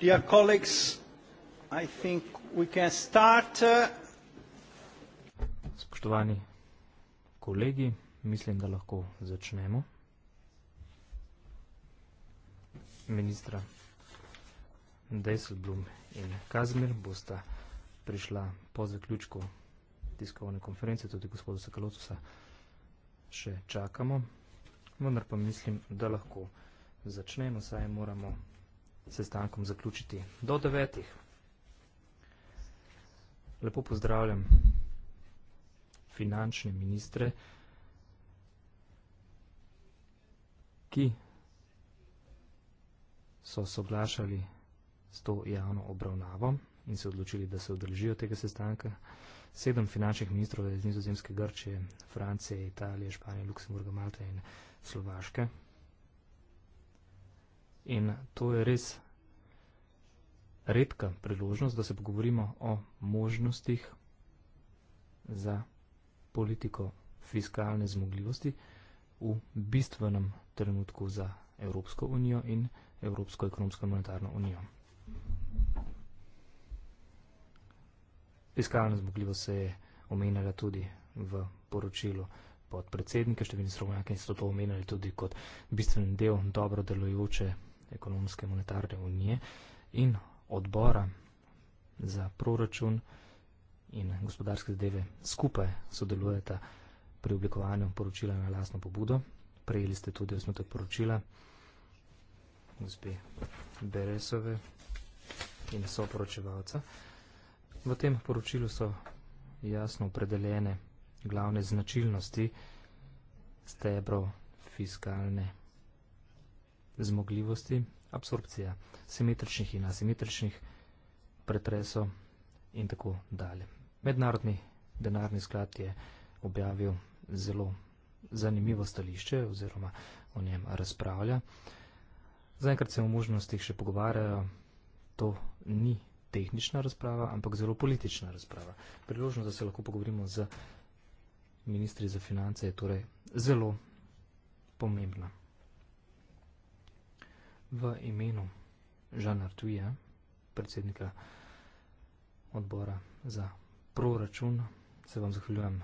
Dear colleagues, I think we can start. Uh, Spoštovani kolegi, mislim, da lahko začnemo. Ministra Dejselblum in Kazimir bosta prišla po zaključku tiskovne konference, tudi gospodu Sakalotusa še čakamo, vendar pa mislim, da lahko začnemo, saj moramo sestankom zaključiti. Do devetih. Lepo pozdravljam finančne ministre, ki so soglašali s to javno obravnavo in se odločili, da se odrežijo tega sestanka. Sedem finančnih ministrov iz nizozemske Grče, Francije, Italije, Španije, Luksemburga, Malte in Slovaške in to je res redka priložnost, da se pogovorimo o možnostih za politiko fiskalne zmogljivosti v bistvenem trenutku za Evropsko unijo in Evropsko ekonomsko monetarno unijo. Fiskalna zmogljivost se je omenjala tudi v poročilu podpredsednika, številni strokovnjaki so to omenjali tudi kot bistven del dobro delujoče ekonomske monetarne unije in odbora za proračun in gospodarske zadeve skupaj sodelujeta pri oblikovanju poročila na lastno pobudo. Prejeli ste tudi osnutek poročila gospe Beresove in soporočevalca. V tem poročilu so jasno opredeljene glavne značilnosti stebrov fiskalne zmogljivosti absorpcije, simetričnih in asimetričnih pretresov in tako dalje. Mednarodni denarni sklad je objavil zelo zanimivo stališče oziroma o njem razpravlja. Zaenkrat se o možnostih še pogovarjajo, to ni tehnična razprava, ampak zelo politična razprava. Priložnost, da se lahko pogovorimo z ministri za finance, je torej zelo pomembna v imenu Žana Artuja, predsednika odbora za proračun, se vam zahvaljujem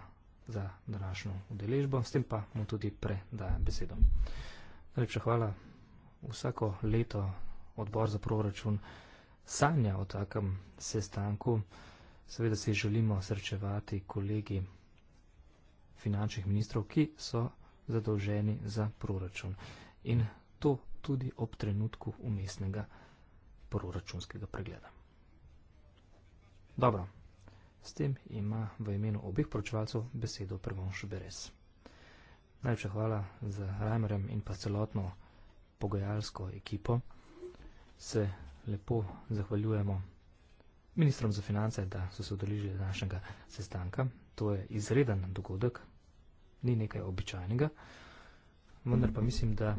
za današnjo udeležbo, s tem pa mu tudi predajem besedo. Najlepša hvala. Vsako leto odbor za proračun sanja o takem sestanku. Seveda si želimo srečevati kolegi finančnih ministrov, ki so zadolženi za proračun. In to tudi ob trenutku umestnega proračunskega pregleda. Dobro, s tem ima v imenu obih poročevalcev besedo Prvonš Beres. Najlepša hvala za Reimerem in pa celotno pogajalsko ekipo. Se lepo zahvaljujemo ministrom za finance, da so se odeležili današnjega sestanka. To je izreden dogodek, ni nekaj običajnega, vendar pa mislim, da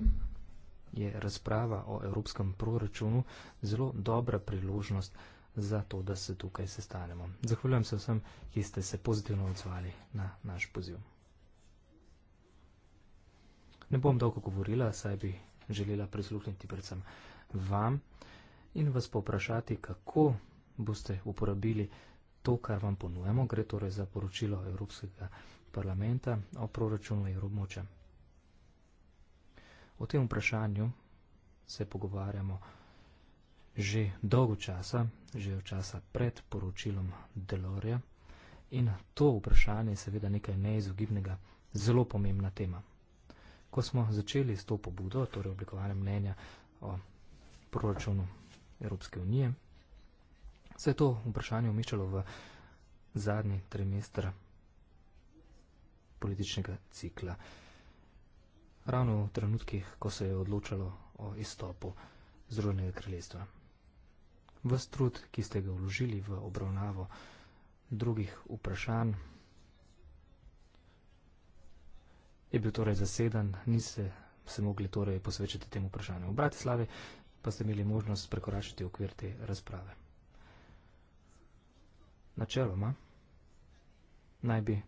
je razprava o evropskem proračunu zelo dobra priložnost za to, da se tukaj sestanemo. Zahvaljujem se vsem, ki ste se pozitivno odzvali na naš poziv. Ne bom dolgo govorila, saj bi želela prisluhniti predvsem vam in vas poprašati, kako boste uporabili to, kar vam ponujemo. Gre torej za poročilo Evropskega parlamenta o proračunu Evropmoča 2021-2027. O tem vprašanju se pogovarjamo že dolgo časa, že v časa pred poročilom Delorja. In to vprašanje je seveda nekaj neizogibnega, zelo pomembna tema. Ko smo začeli s to pobudo, torej oblikovanje mnenja o proračunu Evropske unije, se je to vprašanje umiščalo v zadnji trimester političnega cikla ravno v trenutkih, ko se je odločalo o izstopu Združenega kraljestva. Ves trud, ki ste ga vložili v obravnavo drugih vprašanj, je bil torej zaseden, niste se mogli torej posvečati temu vprašanju. V Bratislavi pa ste imeli možnost prekoračiti okvir te razprave. Načeloma naj bi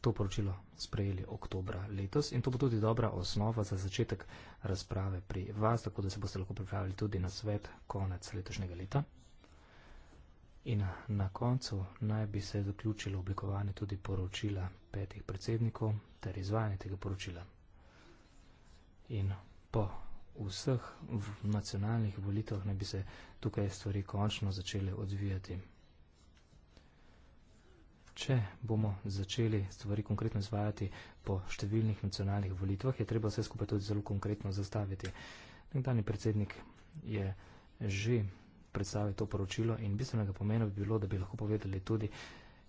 to poročilo sprejeli oktobra letos in to bo tudi dobra osnova za začetek razprave pri vas, tako da se boste lahko pripravili tudi na svet konec letošnjega leta. In na koncu naj bi se zaključilo oblikovanje tudi poročila petih predsednikov ter izvajanje tega poročila. In po vseh nacionalnih volitev naj bi se tukaj stvari končno začele odvijati če bomo začeli stvari konkretno izvajati po številnih nacionalnih volitvah, je treba vse skupaj tudi zelo konkretno zastaviti. Nekdani predsednik je že predstavil to poročilo in bistvenega pomena bi bilo, da bi lahko povedali tudi,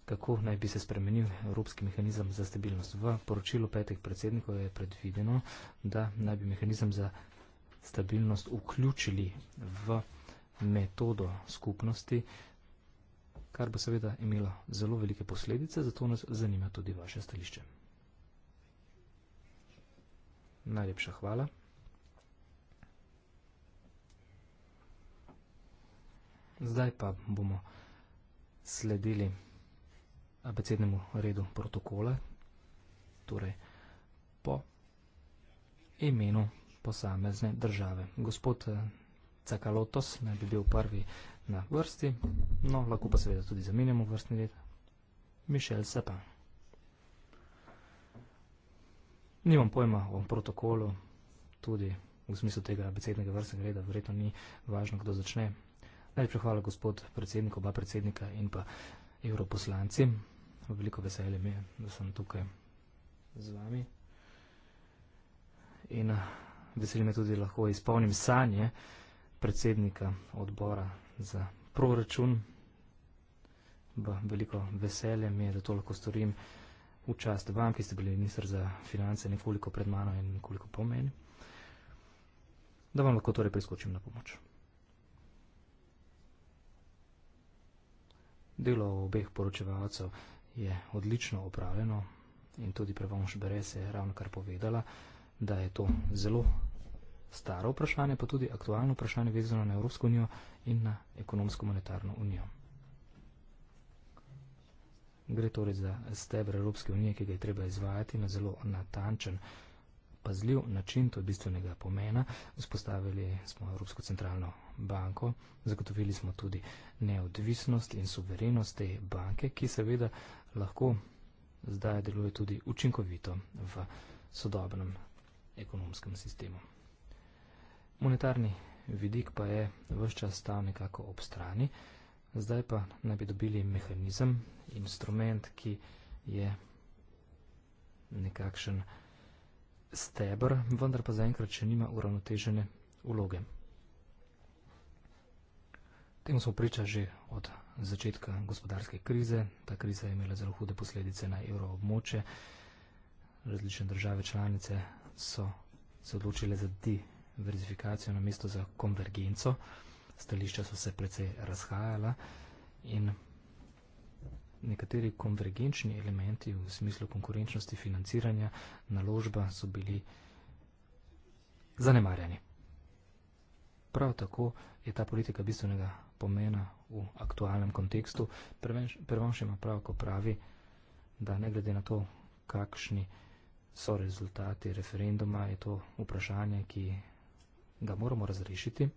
kako naj bi se spremenil evropski mehanizem za stabilnost. V poročilu petih predsednikov je predvideno, da naj bi mehanizem za stabilnost vključili v metodo skupnosti, kar bo seveda imelo zelo velike posledice, zato nas zanima tudi vaše stališče. Najlepša hvala. Zdaj pa bomo sledili abecednemu redu protokola, torej po imenu posamezne države. Gospod Cakalotos naj bi bil prvi na vrsti, no, lahko pa seveda tudi zamenjamo vrstni red. Mišel Sepan. Nimam pojma o protokolu, tudi v smislu tega abecednega vrstnega reda, verjetno ni važno, kdo začne. Najprej hvala gospod predsednik, oba predsednika in pa evroposlanci. Veliko veselje mi je, da sem tukaj z vami. In eh, veselje me tudi lahko izpolnim sanje predsednika odbora za proračun. Ba, veliko veselje mi je, da to lahko storim v čast vam, ki ste bili minister za finance nekoliko pred mano in nekoliko po meni, da vam lahko torej preskočim na pomoč. Delo obeh poročevalcev je odlično opravljeno in tudi prevonš Bere se je ravno kar povedala, da je to zelo staro vprašanje, pa tudi aktualno vprašanje vezano na Evropsko unijo in na ekonomsko-monetarno unijo. Gre torej za stebr Evropske unije, ki ga je treba izvajati na zelo natančen, pazljiv način, to je bistvenega pomena. Vzpostavili smo Evropsko centralno banko, zagotovili smo tudi neodvisnost in suverenost te banke, ki seveda lahko zdaj deluje tudi učinkovito v sodobnem ekonomskem sistemu. Monetarni vidik pa je vse čas stal nekako ob strani, zdaj pa naj bi dobili mehanizem, instrument, ki je nekakšen stebr, vendar pa zaenkrat še nima uravnotežene vloge. Temu smo priča že od začetka gospodarske krize. Ta kriza je imela zelo hude posledice na evroobmoče. Različne države članice so se odločile za di verzifikacijo na mesto za konvergenco. Stališča so se precej razhajala in nekateri konvergenčni elementi v smislu konkurenčnosti financiranja naložba so bili zanemarjeni. Prav tako je ta politika bistvenega pomena v aktualnem kontekstu. Prvenš ima prav, ko pravi, da ne glede na to, kakšni so rezultati referenduma, je to vprašanje, ki ga moramo razrešiti.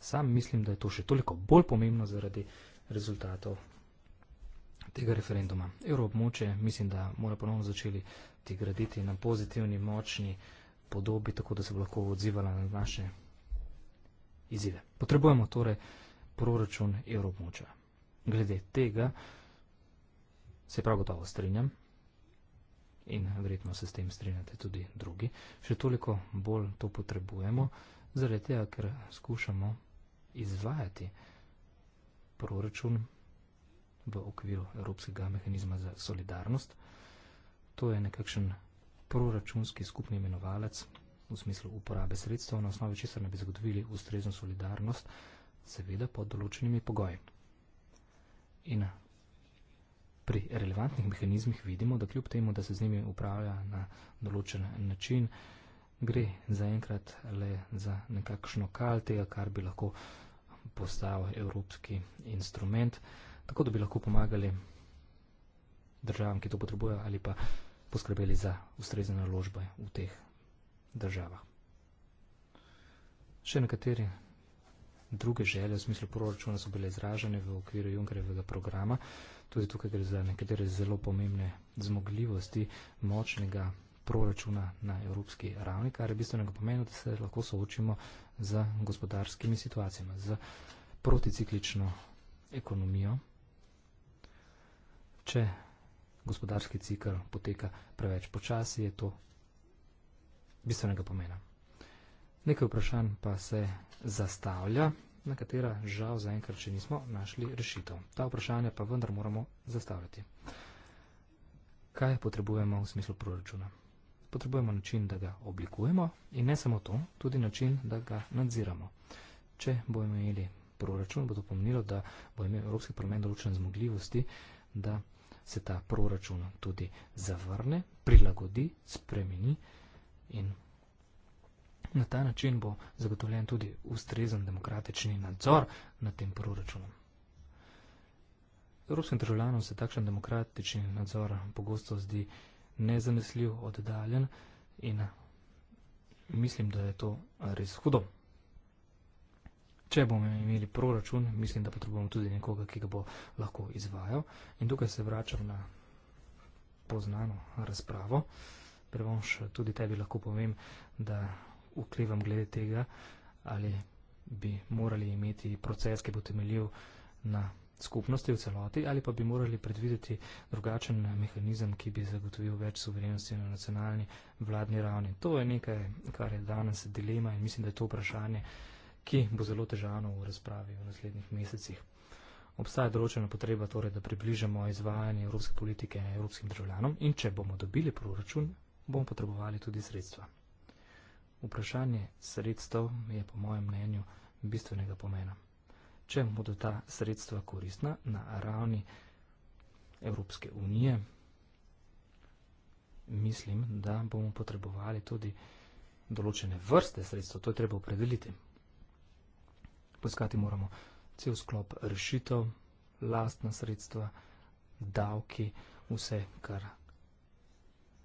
Sam mislim, da je to še toliko bolj pomembno zaradi rezultatov tega referenduma. Evroobmoče mislim, da mora ponovno začeli ti graditi na pozitivni, močni podobi, tako da se bo lahko odzivala na naše izzive. Potrebujemo torej proračun evroobmoča. Glede tega se prav gotovo strinjam in verjetno se s tem strinjate tudi drugi, še toliko bolj to potrebujemo, zaradi tega, ker skušamo izvajati proračun v okviru Evropskega mehanizma za solidarnost. To je nekakšen proračunski skupni imenovalec v smislu uporabe sredstev, na osnovi česar ne bi zagotovili ustrezno solidarnost, seveda pod določenimi pogoji. In pri relevantnih mehanizmih vidimo, da kljub temu, da se z njimi upravlja na določen način, gre zaenkrat le za nekakšno kal tega, kar bi lahko postal evropski instrument, tako da bi lahko pomagali državam, ki to potrebujejo ali pa poskrbeli za ustrezne naložbe v teh državah. Še nekateri druge želje v smislu proračuna so bile izražene v okviru Junkerjevega programa tudi tukaj gre za nekatere zelo pomembne zmogljivosti močnega proračuna na evropski ravni, kar je bistvenega pomena, da se lahko soočimo z gospodarskimi situacijami, z proticiklično ekonomijo, če gospodarski cikl poteka preveč počasi, je to bistvenega pomena. Nekaj vprašanj pa se zastavlja na katera žal zaenkrat še nismo našli rešitev. Ta vprašanja pa vendar moramo zastavljati. Kaj potrebujemo v smislu proračuna? Potrebujemo način, da ga oblikujemo in ne samo to, tudi način, da ga nadziramo. Če bomo imeli proračun, bo to pomenilo, da bo imel Evropski parlament določene zmogljivosti, da se ta proračun tudi zavrne, prilagodi, spremeni in Na ta način bo zagotovljen tudi ustrezen demokratični nadzor nad tem proračunom. Evropskim državljanom se takšen demokratični nadzor pogosto zdi nezanesljiv, oddaljen in mislim, da je to res hudo. Če bomo imeli proračun, mislim, da potrebujemo tudi nekoga, ki ga bo lahko izvajal. In tukaj se vračam na poznano razpravo. Prevonš tudi tebi lahko povem, da uklevam glede tega, ali bi morali imeti proces, ki bo temeljil na skupnosti v celoti, ali pa bi morali predvideti drugačen mehanizem, ki bi zagotovil več suverenosti na nacionalni vladni ravni. To je nekaj, kar je danes dilema in mislim, da je to vprašanje, ki bo zelo težavno v razpravi v naslednjih mesecih. Obstaja določena potreba, torej, da približamo izvajanje evropske politike evropskim državljanom in če bomo dobili proračun, bomo potrebovali tudi sredstva. Vprašanje sredstev je po mojem mnenju bistvenega pomena. Če bodo ta sredstva koristna na ravni Evropske unije, mislim, da bomo potrebovali tudi določene vrste sredstev, to je treba opredeliti. Poiskati moramo cel sklop rešitev, lastna sredstva, davki, vse, kar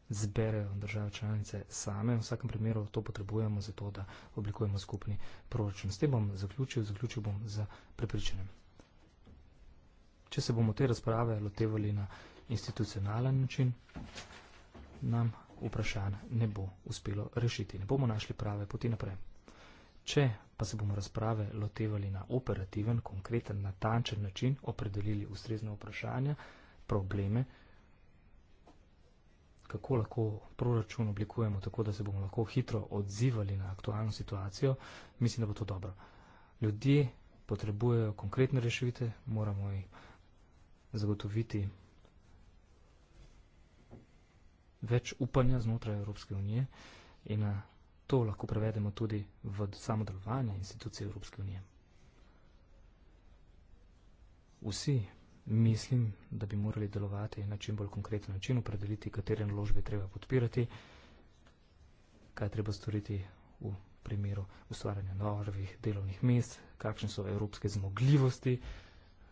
zberejo države članice same. V vsakem primeru to potrebujemo za to, da oblikujemo skupni proračun. S tem bom zaključil, zaključil bom z prepričanjem. Če se bomo te razprave lotevali na institucionalen način, nam vprašanj ne bo uspelo rešiti. Ne bomo našli prave poti naprej. Če pa se bomo razprave lotevali na operativen, konkreten, natančen način, opredelili ustrezne vprašanja, probleme, kako lahko proračun oblikujemo tako, da se bomo lahko hitro odzivali na aktualno situacijo, mislim, da bo to dobro. Ljudje potrebujejo konkretne rešitve, moramo jih zagotoviti več upanja znotraj Evropske unije in to lahko prevedemo tudi v samo delovanje institucije Evropske unije. Vsi Mislim, da bi morali delovati na čim bolj konkreten način, opredeliti, katere naložbe treba podpirati, kaj treba storiti v primeru ustvarjanja novih delovnih mest, kakšne so evropske zmogljivosti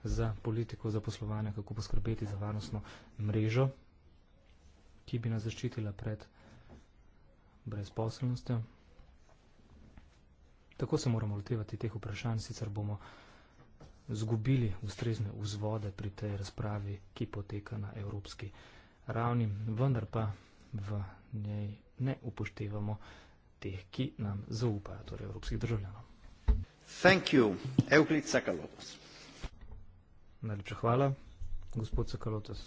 za politiko zaposlovanja, kako poskrbeti za varnostno mrežo, ki bi nas zaščitila pred brezposelnostjo. Tako se moramo lotevati teh vprašanj, sicer bomo zgubili ustrezne vzvode pri tej razpravi, ki poteka na evropski ravni, vendar pa v njej ne upoštevamo teh, ki nam zaupajo, torej evropskih državljanov. Thank you, Euclid Sakalotos. Najlepša hvala, gospod Sakalotos.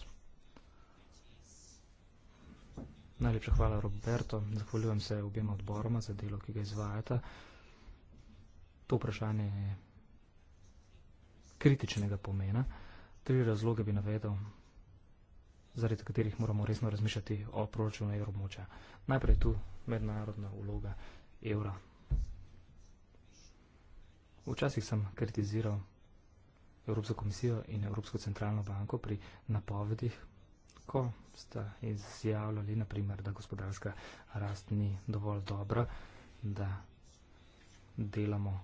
Najlepša hvala, Roberto. Zahvaljujem se obima odboroma za delo, ki ga izvajata. To vprašanje je kritičnega pomena. Tri razloge bi navedel, zaradi katerih moramo resno razmišljati o proračunu evromoča. Najprej tu mednarodna uloga evra. Včasih sem kritiziral Evropsko komisijo in Evropsko centralno banko pri napovedih, ko sta izjavljali, naprimer, da gospodarska rast ni dovolj dobra, da delamo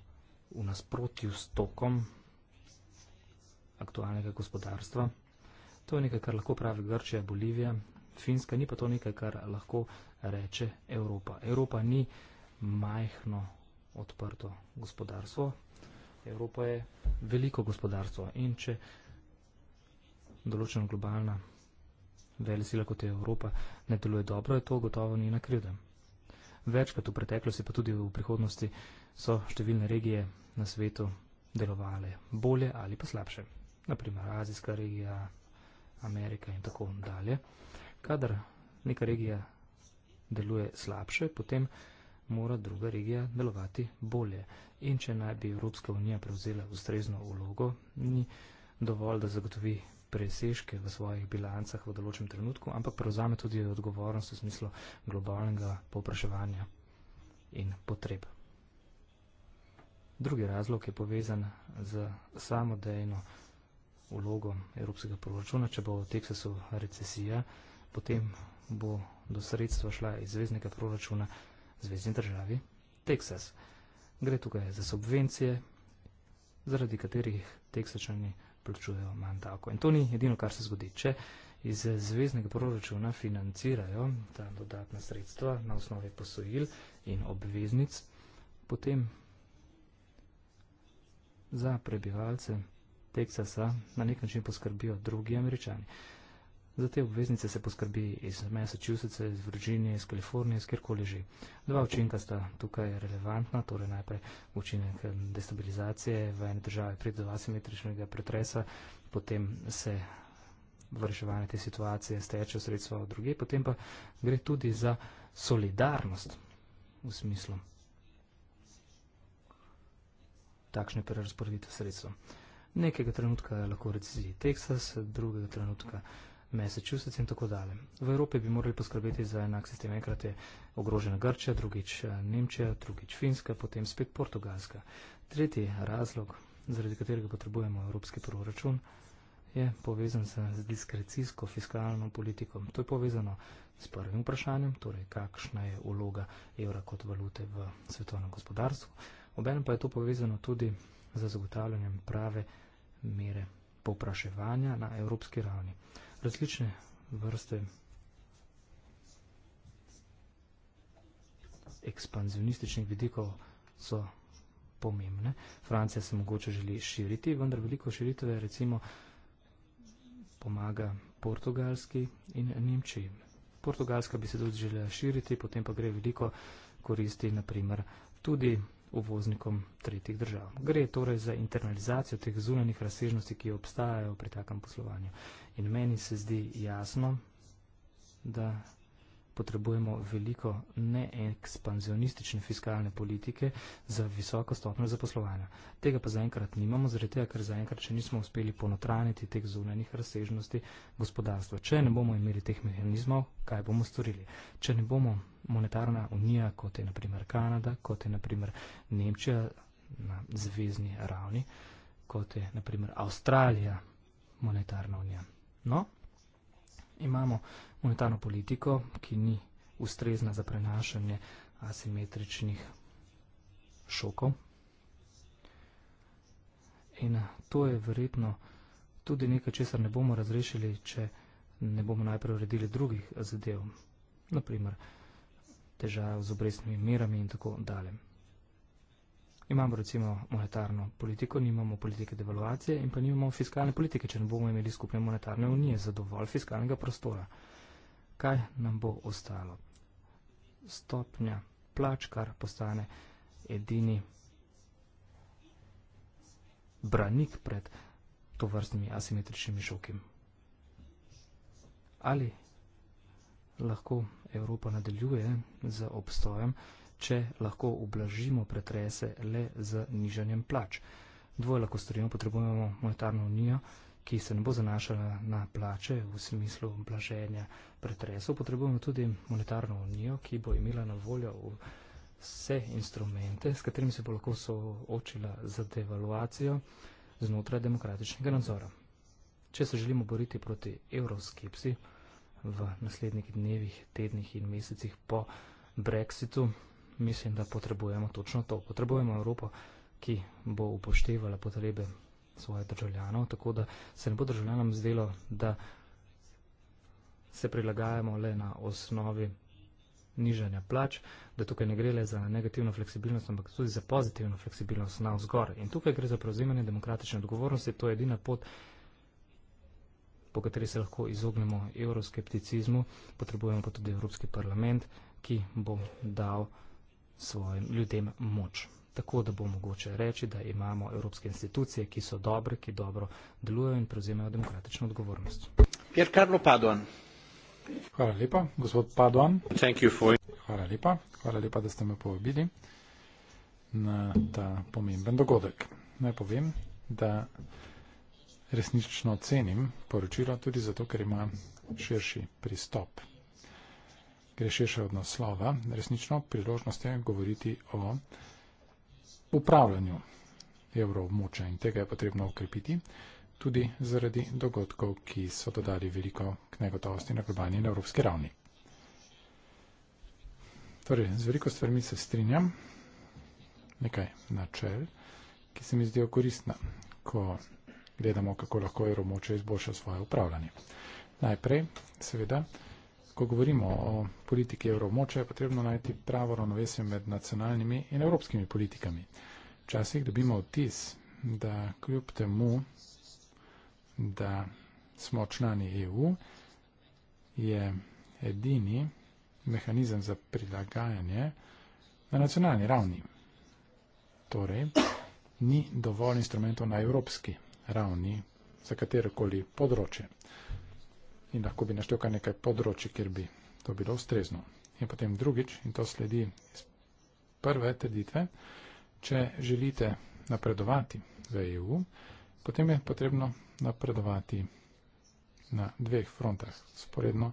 v nasprotju s tokom, aktualnega gospodarstva. To je nekaj, kar lahko pravi Grčija, Bolivija, Finska, ni pa to nekaj, kar lahko reče Evropa. Evropa ni majhno odprto gospodarstvo, Evropa je veliko gospodarstvo in če določena globalna velja sila kot je Evropa ne deluje dobro, je to gotovo ni na krivda. Večkrat v preteklosti, pa tudi v prihodnosti, so številne regije na svetu delovale bolje ali pa slabše naprimer Azijska regija, Amerika in tako dalje. Kadar neka regija deluje slabše, potem mora druga regija delovati bolje. In če naj bi Evropska unija prevzela ustrezno vlogo, ni dovolj, da zagotovi presežke v svojih bilancah v določenem trenutku, ampak prevzame tudi odgovornost v smislu globalnega popraševanja in potreb. Drugi razlog je povezan z samodejno vlogo evropskega proračuna, če bo v Teksasu recesija, potem bo do sredstva šla iz zvezdnega proračuna zvezdni državi Teksas. Gre tukaj za subvencije, zaradi katerih teksačani plačujejo manj tako. In to ni edino, kar se zgodi. Če iz zvezdnega proračuna financirajo ta dodatna sredstva na osnovi posojil in obveznic, potem za prebivalce Teksasa na nek način poskrbijo drugi američani. Za te obveznice se poskrbi iz Massachusetts, iz Virginije, iz Kalifornije, iz kjerkoli že. Dva učinka sta tukaj relevantna, torej najprej učinek eh, destabilizacije v eni državi pred dva simetričnega pretresa, potem se v reševanje te situacije steče v sredstvo v druge, potem pa gre tudi za solidarnost v smislu takšne prerazporeditve sredstva. Nekega trenutka lahko recizi Teksas, drugega trenutka Massachusetts in tako dalje. V Evropi bi morali poskrbeti za enak sistem. Enkrat je ogrožena Grčija, drugič eh, Nemčija, drugič Finska, potem spet Portugalska. Tretji razlog, zaradi katerega potrebujemo evropski proračun, je povezan z diskrecijsko fiskalno politiko. To je povezano s prvim vprašanjem, torej kakšna je uloga evra kot valute v svetovnem gospodarstvu. Obenem pa je to povezano tudi za zagotavljanjem prave mere popraševanja na evropski ravni. Različne vrste ekspanzionističnih vidikov so pomembne. Francija se mogoče želi širiti, vendar veliko širitve recimo pomaga portugalski in nemčiji. Portugalska bi se tudi želela širiti, potem pa gre veliko koristi, naprimer, tudi uvoznikom tretjih držav. Gre torej za internalizacijo teh zunanih razsežnosti, ki obstajajo pri takem poslovanju. In meni se zdi jasno, da potrebujemo veliko neekspanzionistične fiskalne politike za visoko stopnjo zaposlovanja. Tega pa zaenkrat nimamo, zaradi tega, ker zaenkrat še nismo uspeli ponotraniti teh zunanjih razsežnosti gospodarstva. Če ne bomo imeli teh mehanizmov, kaj bomo storili? Če ne bomo monetarna unija, kot je naprimer Kanada, kot je naprimer Nemčija na zvezdni ravni, kot je naprimer Avstralija, monetarna unija. No? Imamo monetarno politiko, ki ni ustrezna za prenašanje asimetričnih šokov. In to je verjetno tudi nekaj, česar ne bomo razrešili, če ne bomo najprej uredili drugih zadev, naprimer težav z obresnimi merami in tako dalje. Imamo recimo monetarno politiko, nimamo politike devalvacije in pa nimamo fiskalne politike, če ne bomo imeli skupne monetarne unije za dovolj fiskalnega prostora. Kaj nam bo ostalo? Stopnja plač, kar postane edini branik pred tovrstnimi asimetričnimi šoki. Ali lahko Evropa nadaljuje z obstojem? če lahko ublažimo pretrese le z nižanjem plač. Dvoje lahko storimo, potrebujemo monetarno unijo, ki se ne bo zanašala na plače v smislu blaženja pretresov. Potrebujemo tudi monetarno unijo, ki bo imela na voljo vse instrumente, s katerimi se bo lahko soočila z devaluacijo znotraj demokratičnega nadzora. Če se želimo boriti proti evroskepsi v naslednjih dnevih, tednih in mesecih po Brexitu, mislim, da potrebujemo točno to. Potrebujemo Evropo, ki bo upoštevala potrebe svojih državljanov, tako da se ne bo državljanom zdelo, da se prilagajamo le na osnovi nižanja plač, da tukaj ne gre le za negativno fleksibilnost, ampak tudi za pozitivno fleksibilnost na vzgor. In tukaj gre za prevzemanje demokratične odgovornosti, to je edina pot, po kateri se lahko izognemo evroskepticizmu, potrebujemo pa tudi Evropski parlament, ki bo dal svojim ljudem moč. Tako da bo mogoče reči, da imamo evropske institucije, ki so dobre, ki dobro delujejo in prevzemajo demokratično odgovornost. Pier Carlo Padoan. Hvala lepa, gospod Padoan. Hvala lepa. Hvala lepa, da ste me povabili na ta pomemben dogodek. Naj povem, da resnično cenim poročilo tudi zato, ker ima širši pristop gre še od naslova, resnično priložnost je govoriti o upravljanju evroobmoča in tega je potrebno ukrepiti, tudi zaradi dogodkov, ki so dodali veliko k negotovosti na globalni in evropski ravni. Torej, z veliko stvarmi se strinjam, nekaj načel, ki se mi zdijo koristna, ko gledamo, kako lahko evroobmoče izboljša svoje upravljanje. Najprej, seveda, ko govorimo o politiki evromoče, je potrebno najti pravo ravnovesje med nacionalnimi in evropskimi politikami. Včasih dobimo vtis, da kljub temu, da smo člani EU, je edini mehanizem za prilagajanje na nacionalni ravni. Torej, ni dovolj instrumentov na evropski ravni za katerokoli področje in lahko bi naštel kar nekaj področji, kjer bi to bilo ustrezno. In potem drugič, in to sledi iz prve trditve, če želite napredovati v EU, potem je potrebno napredovati na dveh frontah, sporedno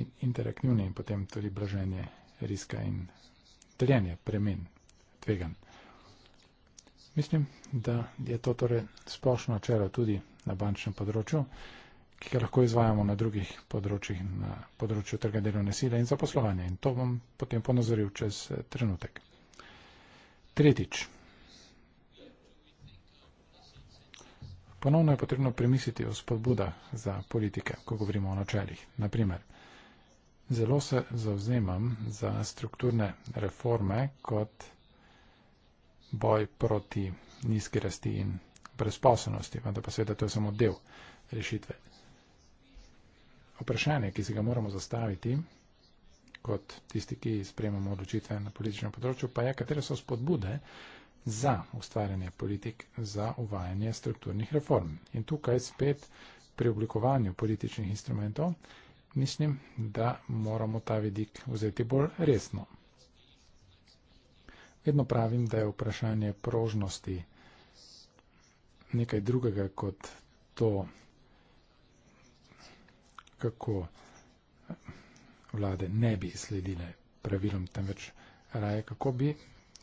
in interaktivno in potem tudi blaženje riska in deljenje premen tvegan. Mislim, da je to torej splošno načelo tudi na bančnem področju ki ga lahko izvajamo na drugih področjih, na področju trga delovne sile in zaposlovanja. In to bom potem ponazoril čez eh, trenutek. Tretjič. Ponovno je potrebno premisliti o spodbudah za politike, ko govorimo o načeljih. Naprimer, zelo se zauzemam za strukturne reforme kot boj proti nizki rasti in brezposobnosti, vendar pa seveda to je samo del rešitve vprašanje, ki se ga moramo zastaviti kot tisti, ki sprejemamo odločitve na političnem področju, pa je, katere so spodbude za ustvarjanje politik, za uvajanje strukturnih reform. In tukaj spet pri oblikovanju političnih instrumentov mislim, da moramo ta vidik vzeti bolj resno. Vedno pravim, da je vprašanje prožnosti nekaj drugega kot to kako vlade ne bi sledile pravilom, temveč raje, kako bi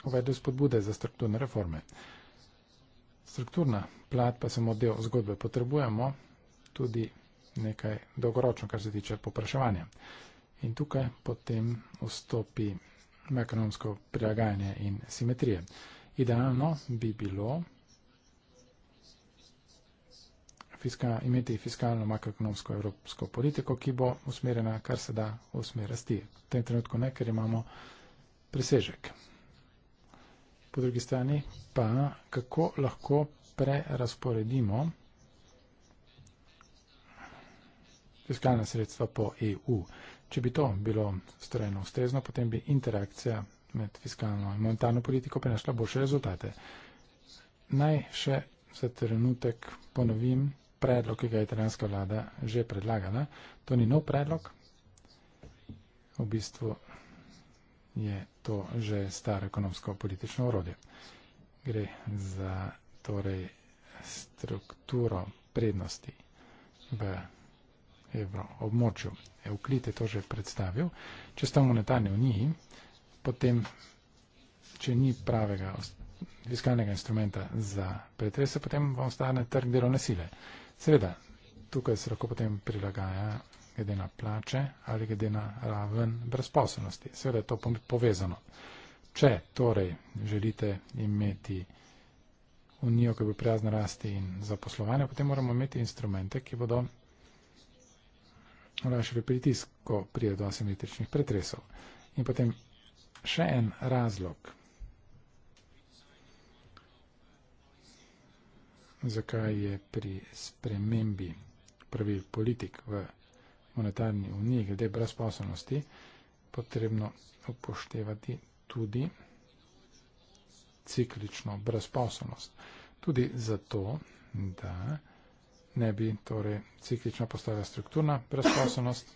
uvedel spodbude za strukturne reforme. Strukturna plat pa samo del zgodbe potrebujemo, tudi nekaj dolgoročno, kar se tiče popraševanja. In tukaj potem vstopi makronomsko prilagajanje in simetrije. Idealno bi bilo, fiskal, imeti fiskalno makroekonomsko evropsko politiko, ki bo usmerjena kar se da v smer rasti. V tem trenutku ne, ker imamo presežek. Po drugi strani pa, kako lahko prerasporedimo fiskalna sredstva po EU. Če bi to bilo strojeno ustrezno, potem bi interakcija med fiskalno in monetarno politiko prinašla boljše rezultate. Naj še za trenutek ponovim, predlog, ki ga je italijanska vlada že predlagala. To ni nov predlog. V bistvu je to že staro ekonomsko-politično urodje. Gre za torej strukturo prednosti v evroobmočju. Euklid je to že predstavil. Če stavimo na ta neuniji, potem, če ni pravega fiskalnega instrumenta za pretrese, potem vam ostane trg delovne sile. Seveda, tukaj se lahko potem prilagaja glede na plače ali glede na raven brezposobnosti. Seveda je to povezano. Če torej želite imeti unijo, ki bo prijazna rasti in zaposlovanje, potem moramo imeti instrumente, ki bodo olajšali pritisk, ko pride do asimetričnih pretresov. In potem še en razlog zakaj je pri spremembi pravil politik v monetarni uniji glede brezposobnosti potrebno upoštevati tudi ciklično brezposobnost. Tudi zato, da ne bi torej ciklično postala strukturna brezposobnost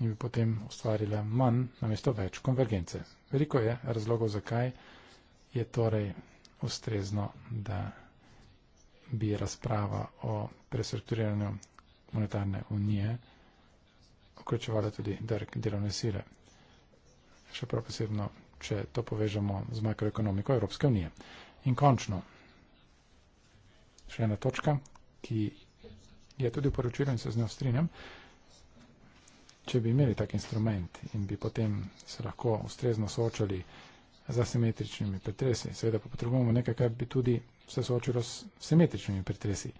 in bi potem ustvarila manj namesto več konvergence. Veliko je razlogov, zakaj je torej ustrezno, da bi razprava o prestrukturiranju monetarne unije vključevala tudi drg delovne sile. Še prav posebno, če to povežemo z makroekonomiko Evropske unije. In končno, še ena točka, ki je tudi poročila in se z njo strinjam, če bi imeli tak instrument in bi potem se lahko ustrezno soočali z asimetričnimi pretresi. Seveda pa potrebujemo nekaj, kar bi tudi se soočilo s simetričnimi pretresi,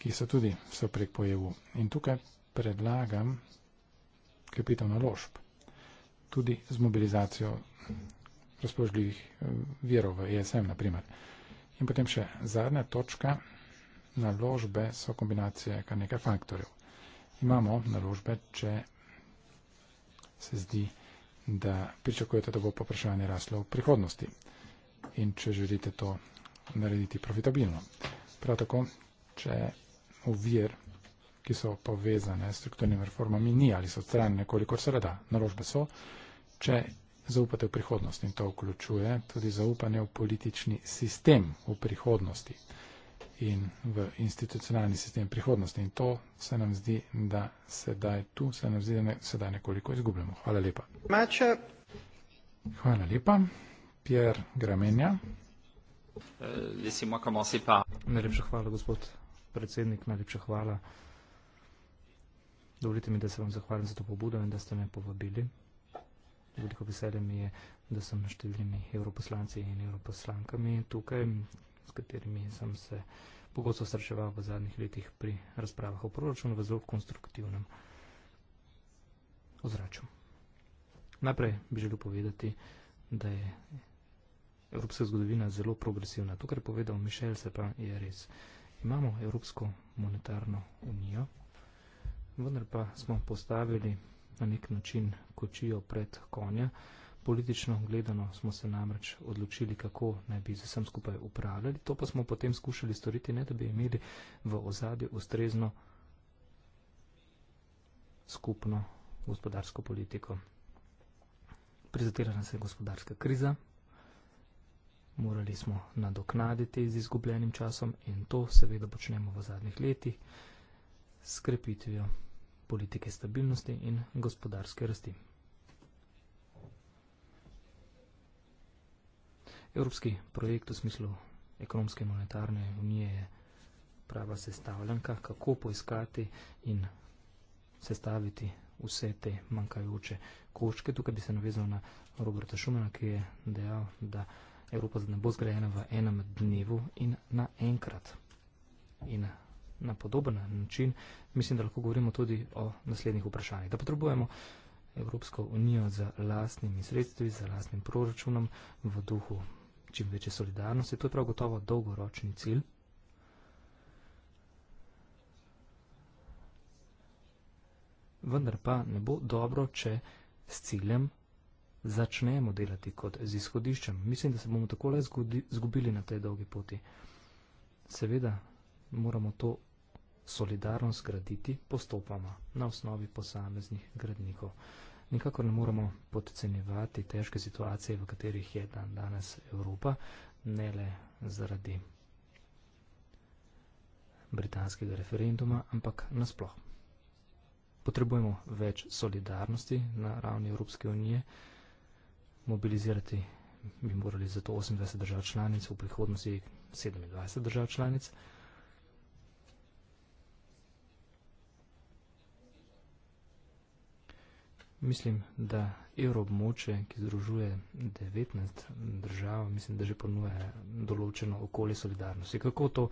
ki so tudi vse prek pojevu. In tukaj predlagam krepitev naložb, tudi z mobilizacijo razpoložljivih eh, virov v ESM, naprimer. In potem še zadnja točka, naložbe so kombinacije kar nekaj faktorjev. Imamo naložbe, če se zdi, da pričakujete, da bo popraševanje raslo v prihodnosti in če želite to narediti profitabilno. Prav tako, če uvir, ki so povezane s strukturnimi reformami, ni ali so odstranjene, kolikor se rada, naložbe so, če zaupate v prihodnost in to vključuje tudi zaupanje v politični sistem v prihodnosti in v institucionalni sistem prihodnosti. In to se nam zdi, da sedaj tu, se nam zdi, da ne, sedaj nekoliko izgubljamo. Hvala lepa. Mače. Hvala lepa. Pierre Gramenja. Eh, najlepša hvala, gospod predsednik. Najlepša hvala. Dovolite mi, da se vam zahvalim za to pobudo in da ste me povabili. Veliko veselje mi je, da sem s številnimi europoslanci in europoslankami tukaj, s katerimi sem se pogosto srečeval v zadnjih letih pri razpravah o proračunu v zelo konstruktivnem ozračju. Najprej bi želel povedati, da je evropska zgodovina zelo progresivna. To, kar je povedal Mišel, se pa je res. Imamo Evropsko monetarno unijo, vendar pa smo postavili na nek način kočijo pred konja, Politično gledano smo se namreč odločili, kako naj bi z vsem skupaj upravljali. To pa smo potem skušali storiti, ne da bi imeli v ozadju ustrezno skupno gospodarsko politiko. Prizadela nas je gospodarska kriza, morali smo nadoknaditi z izgubljenim časom in to seveda počnemo v zadnjih letih s krepitvijo politike stabilnosti in gospodarske rasti. Evropski projekt v smislu ekonomske monetarne unije je prava sestavljanka, kako poiskati in sestaviti vse te manjkajoče koščke. Tukaj bi se navezal na Roberta Šumana, ki je dejal, da Evropa ne bo zgrajena v enem dnevu in naenkrat. In na podoben način mislim, da lahko govorimo tudi o naslednjih vprašanjih. Da potrebujemo Evropsko unijo z lastnimi sredstvi, z lastnim proračunom v duhu čim večje solidarnosti, to je prav gotovo dolgoročni cilj. Vendar pa ne bo dobro, če s ciljem začnemo delati kot z izhodiščem. Mislim, da se bomo tako le zgubili na tej dolgi poti. Seveda moramo to solidarnost graditi postopoma na osnovi posameznih gradnikov. Nikakor ne moramo podcenjevati težke situacije, v katerih je dan danes Evropa, ne le zaradi britanskega referenduma, ampak nasploh. Potrebujemo več solidarnosti na ravni Evropske unije, mobilizirati bi morali za to 28 držav članic, v prihodnosti 27 držav članic. Mislim, da evroobmoče, ki združuje 19 držav, mislim, da že ponuje določeno okolje solidarnosti. Kako to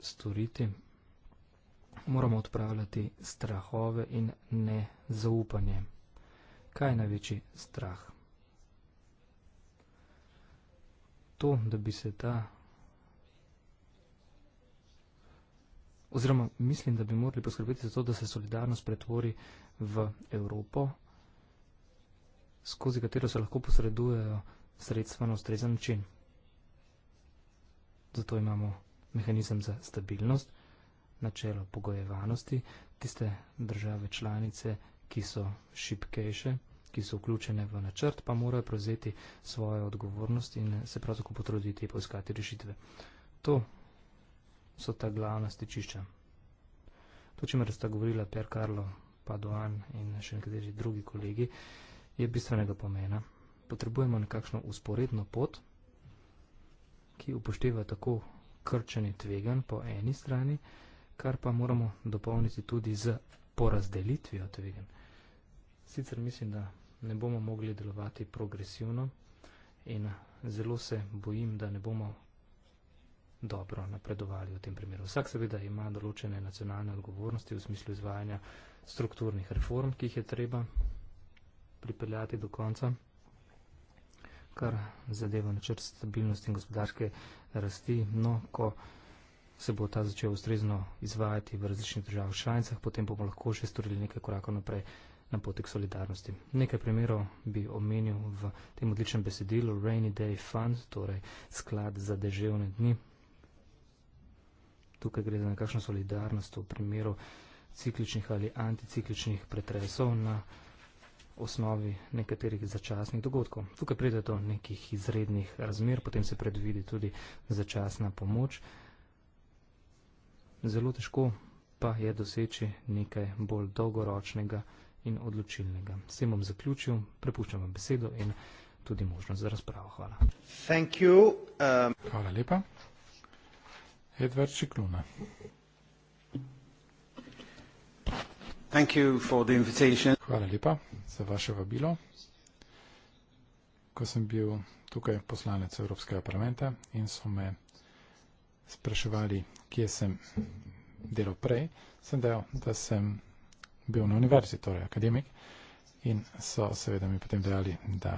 storiti? Moramo odpravljati strahove in ne zaupanje. Kaj je največji strah? To, da bi se ta. Oziroma, mislim, da bi morali poskrbeti za to, da se solidarnost pretvori v Evropo, skozi katero se lahko posredujejo sredstva na ustrezen način. Zato imamo mehanizem za stabilnost, načelo pogojevanosti, tiste države članice, ki so šipkejše, ki so vključene v načrt, pa morajo prevzeti svojo odgovornost in se prav tako potruditi poiskati rešitve. To so ta glavna stičišča. To, čemer sta govorila Per Karlo Paduan in še nekateri drugi kolegi, je bistvenega pomena. Potrebujemo nekakšno usporedno pot, ki upošteva tako krčenje tvegan po eni strani, kar pa moramo dopolniti tudi z porazdelitvijo tvegan. Sicer mislim, da ne bomo mogli delovati progresivno in zelo se bojim, da ne bomo dobro napredovali v tem primeru. Vsak seveda ima določene nacionalne odgovornosti v smislu izvajanja strukturnih reform, ki jih je treba pripeljati do konca, kar zadeva načrt stabilnosti in gospodarske rasti. No, ko se bo ta začel ustrezno izvajati v različnih državah članicah, potem bomo lahko še storili nekaj korakov naprej na poti k solidarnosti. Nekaj primerov bi omenil v tem odličnem besedilu Rainy Day Fund, torej sklad za deževne dni. Tukaj gre za nekakšno solidarnost v primeru cikličnih ali anticikličnih pretresov na osnovi nekaterih začasnih dogodkov. Tukaj pride do nekih izrednih razmer, potem se predvidi tudi začasna pomoč. Zelo težko pa je doseči nekaj bolj dolgoročnega in odločilnega. S tem bom zaključil, prepuščam vam besedo in tudi možnost za razpravo. Hvala. Thank you. Um... Hvala lepa. Edvard Čikluna. Thank you for the invitation. Hvala lepa za vaše vabilo. Ko sem bil tukaj poslanec Evropskega parlamenta in so me spraševali, kje sem delal prej, sem dejal, da sem bil na univerzi, torej akademik, in so seveda mi potem dejali, da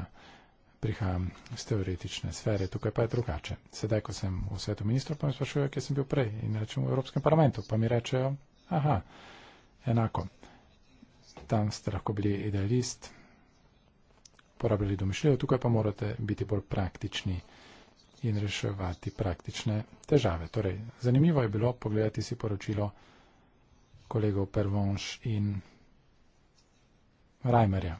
prihajam iz teoretične sfere, tukaj pa je drugače. Sedaj, ko sem v svetu ministra, pa mi sprašujejo, kje sem bil prej in rečem v Evropskem parlamentu, pa mi rečejo, aha, enako tam ste lahko bili idealist, porabljali domišljijo, tukaj pa morate biti bolj praktični in reševati praktične težave. Torej, zanimivo je bilo pogledati si poročilo kolegov Pervonš in Reimerja.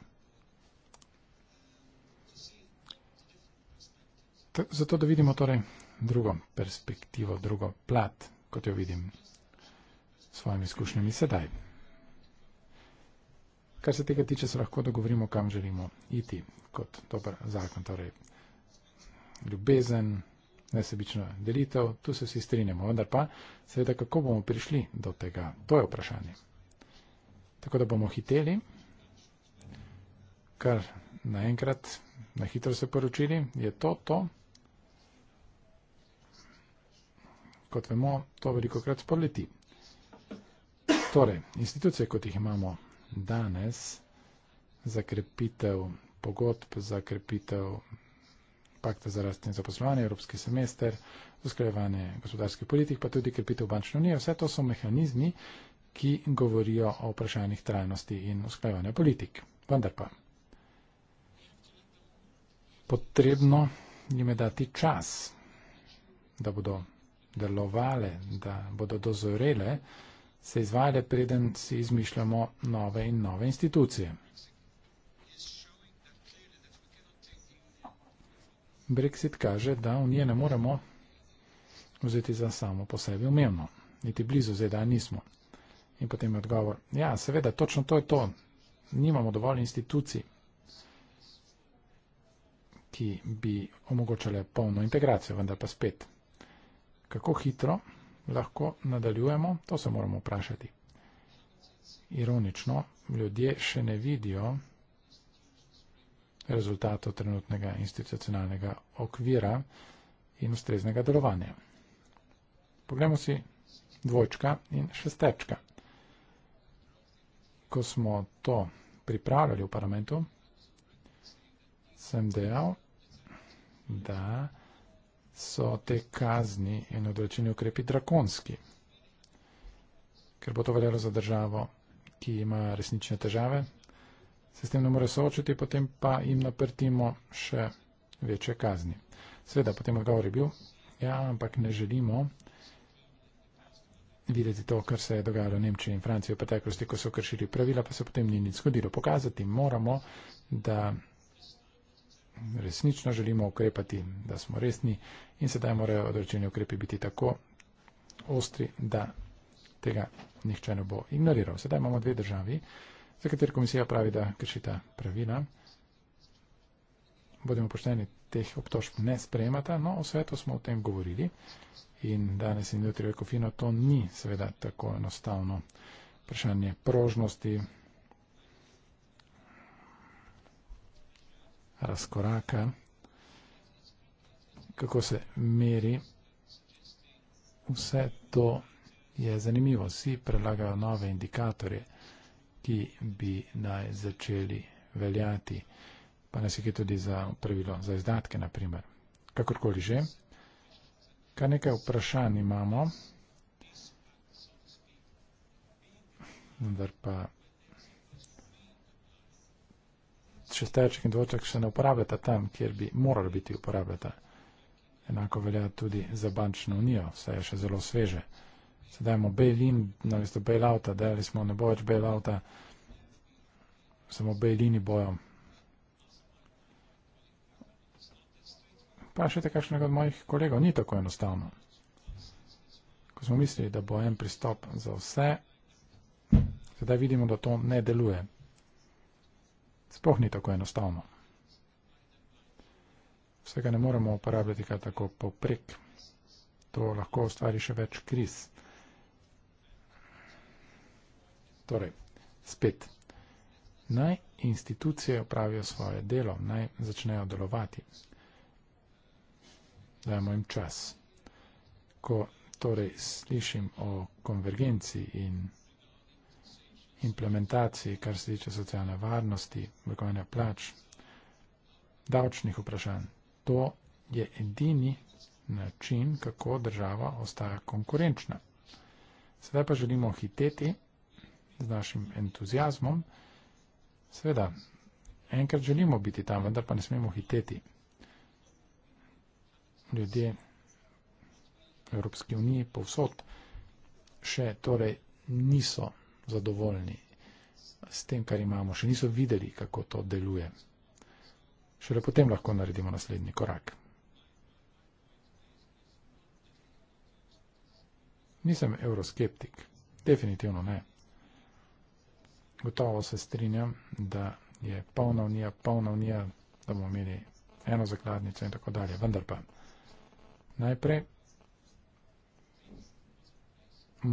Zato, da vidimo torej drugo perspektivo, drugo plat, kot jo vidim s svojimi izkušnjami sedaj. Kar se tega tiče, se lahko dogovorimo, kam želimo iti kot dober zakon. Torej, ljubezen, nesebična delitev, tu se vsi strinjamo. Vendar pa, seveda, kako bomo prišli do tega, to je vprašanje. Tako da bomo hiteli, kar naenkrat, na hitro se poročili, je to to. Kot vemo, to veliko krat spoleti. Torej, institucije, kot jih imamo danes za krepitev pogodb, za krepitev pakta za rast in zaposlovanje, evropski semester, usklajevanje gospodarskih politik, pa tudi krepitev bančne unije. Vse to so mehanizmi, ki govorijo o vprašanjih trajnosti in usklajevanja politik. Vendar pa. Potrebno jim je dati čas, da bodo delovale, da bodo dozorele se izvajale, preden si izmišljamo nove in nove institucije. Brexit kaže, da unije ne moremo vzeti za samo po sebi umevno, niti blizu ZDA nismo. In potem je odgovor, ja, seveda, točno to je to, nimamo dovolj institucij, ki bi omogočale polno integracijo, vendar pa spet, kako hitro lahko nadaljujemo? To se moramo vprašati. Ironično, ljudje še ne vidijo rezultatov trenutnega institucionalnega okvira in ustreznega delovanja. Poglejmo si dvojčka in šestečka. Ko smo to pripravljali v parlamentu, sem dejal, da so te kazni in odrečeni ukrepi drakonski, ker bo to veljalo za državo, ki ima resnične težave, se s tem ne more soočiti, potem pa jim naprtimo še večje kazni. Sveda, potem odgovor je bil, ja, ampak ne želimo videti to, kar se je dogajalo v Nemčiji in Franciji v preteklosti, ko so kršili pravila, pa se potem ni nič zgodilo. Pokazati moramo, da resnično želimo ukrepati, da smo resni in sedaj morajo odrečeni ukrepi biti tako ostri, da tega nihče ne bo ignoriral. Sedaj imamo dve državi, za kateri komisija pravi, da kršita pravila. Bodimo pošteni, teh obtožb ne sprejemata, no o svetu smo o tem govorili in danes in jutri v Ekofino to ni seveda tako enostavno vprašanje prožnosti. razkoraka, kako se meri. Vse to je zanimivo. Vsi predlagajo nove indikatorje, ki bi naj začeli veljati. Pa nas je tudi za pravilo za izdatke, naprimer. Kakorkoli že. Kar nekaj vprašanj imamo. Vendar pa šesterček in dvoček še ne uporabljata tam, kjer bi morali biti uporabljata. Enako velja tudi za bančno unijo, saj je še zelo sveže. Sedaj imamo bail-in na mesto bail-outa, dali smo ne bo več bail-outa, samo bail-ini bojo. Prašajte kakšnega od mojih kolegov, ni tako enostavno. Ko smo mislili, da bo en pristop za vse, sedaj vidimo, da to ne deluje sploh ni tako enostavno. Vsega ne moramo uporabljati kar tako poprek. To lahko ustvari še več kriz. Torej, spet, naj institucije opravijo svoje delo, naj začnejo delovati. Dajmo jim čas. Ko torej slišim o konvergenci in implementaciji, kar se tiče socialne varnosti, vrkovanja plač, davčnih vprašanj. To je edini način, kako država ostaja konkurenčna. Sedaj pa želimo hiteti z našim entuzijazmom. Sveda, enkrat želimo biti tam, vendar pa ne smemo hiteti. Ljudje v Evropski uniji povsod še torej niso zadovoljni s tem, kar imamo, še niso videli, kako to deluje. Šele potem lahko naredimo naslednji korak. Nisem euroskeptik, definitivno ne. Gotovo se strinjam, da je polna unija, polna unija, da bomo imeli eno zakladnico in tako dalje. Vendar pa najprej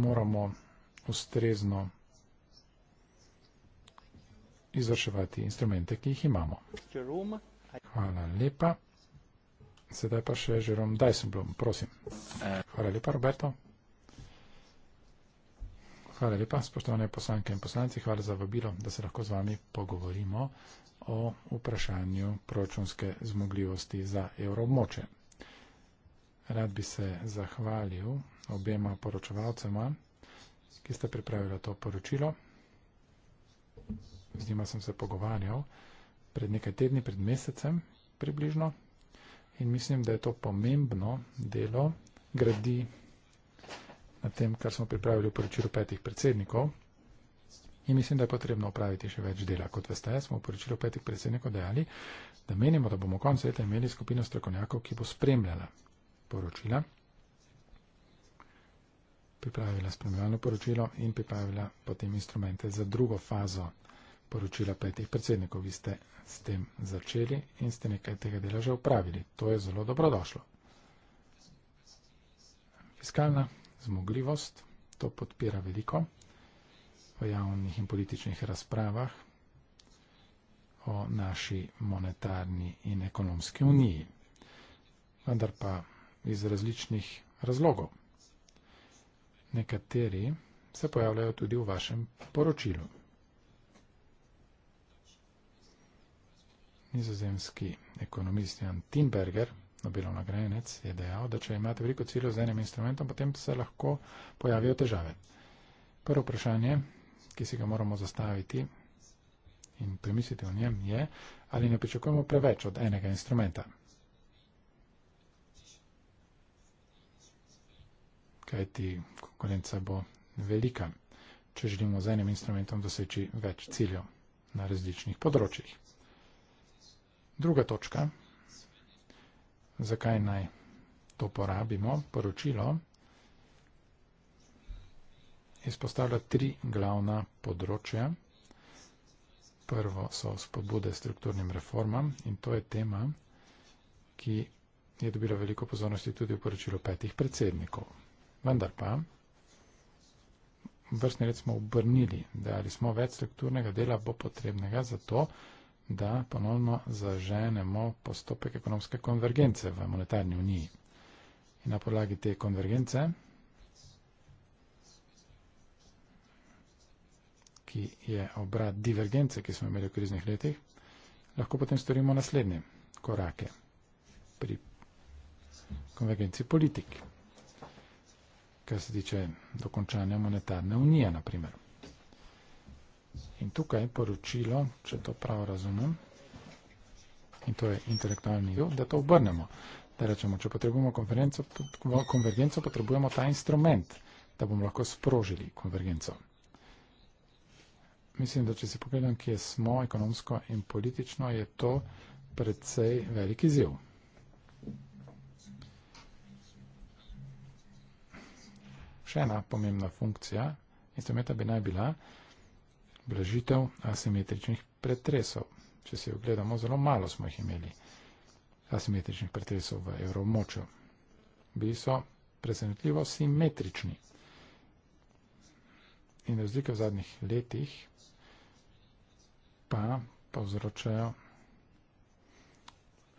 moramo ustrezno izvrševati instrumente, ki jih imamo. Hvala lepa. Sedaj pa še Žerom Dajsenblom, prosim. Hvala lepa, Roberto. Hvala lepa, spoštovane poslanke in poslanci, hvala za vabilo, da se lahko z vami pogovorimo o vprašanju proračunske zmogljivosti za evromoče. Rad bi se zahvalil obema poročevalcema, ki ste pripravili to poročilo z njima sem se pogovarjal pred nekaj tedni, pred mesecem približno in mislim, da je to pomembno delo, gradi na tem, kar smo pripravili v poročilu petih predsednikov in mislim, da je potrebno upraviti še več dela. Kot veste, smo v poročilu petih predsednikov dejali, da menimo, da bomo konce leta imeli skupino strokovnjakov, ki bo spremljala poročila, pripravila spremljalno poročilo in pripravila potem instrumente za drugo fazo poročila petih predsednikov. Vi ste s tem začeli in ste nekaj tega dela že upravili. To je zelo dobrodošlo. Fiskalna zmogljivost, to podpira veliko v javnih in političnih razpravah o naši monetarni in ekonomski uniji. Vendar pa iz različnih razlogov. Nekateri se pojavljajo tudi v vašem poročilu. nizozemski ekonomist Jan Tinberger, Nobelov nagrajenec, je dejal, da če imate veliko ciljev z enim instrumentom, potem se lahko pojavijo težave. Prvo vprašanje, ki si ga moramo zastaviti in premisliti o njem, je, ali ne pričakujemo preveč od enega instrumenta. Kaj ti konkurenca bo velika, če želimo z enim instrumentom doseči več ciljev na različnih področjih. Druga točka, zakaj naj to porabimo, poročilo izpostavlja tri glavna področja. Prvo so spodbude strukturnim reformam in to je tema, ki je dobila veliko pozornosti tudi v poročilu petih predsednikov. Vendar pa, vrstni red smo obrnili, da ali smo več strukturnega dela bo potrebnega za to, da ponovno zaženemo postopek ekonomske konvergence v monetarni uniji. In na podlagi te konvergence, ki je obrat divergence, ki smo imeli v kriznih letih, lahko potem storimo naslednje korake pri konvergenci politik, kar se tiče dokončanja monetarne unije, na primer. In tukaj poročilo, če to prav razumem, in to je intelektualni jo, da to obrnemo. Da rečemo, če potrebujemo konvergenco, potrebujemo ta instrument, da bomo lahko sprožili konvergenco. Mislim, da če si pogledam, kje smo ekonomsko in politično, je to predvsej veliki ziv. Še ena pomembna funkcija instrumenta bi naj bila, blažitev asimetričnih pretresov. Če se ogledamo, zelo malo smo jih imeli asimetričnih pretresov v evromočju. Bili so presenetljivo simetrični. In razlike v zadnjih letih pa povzročajo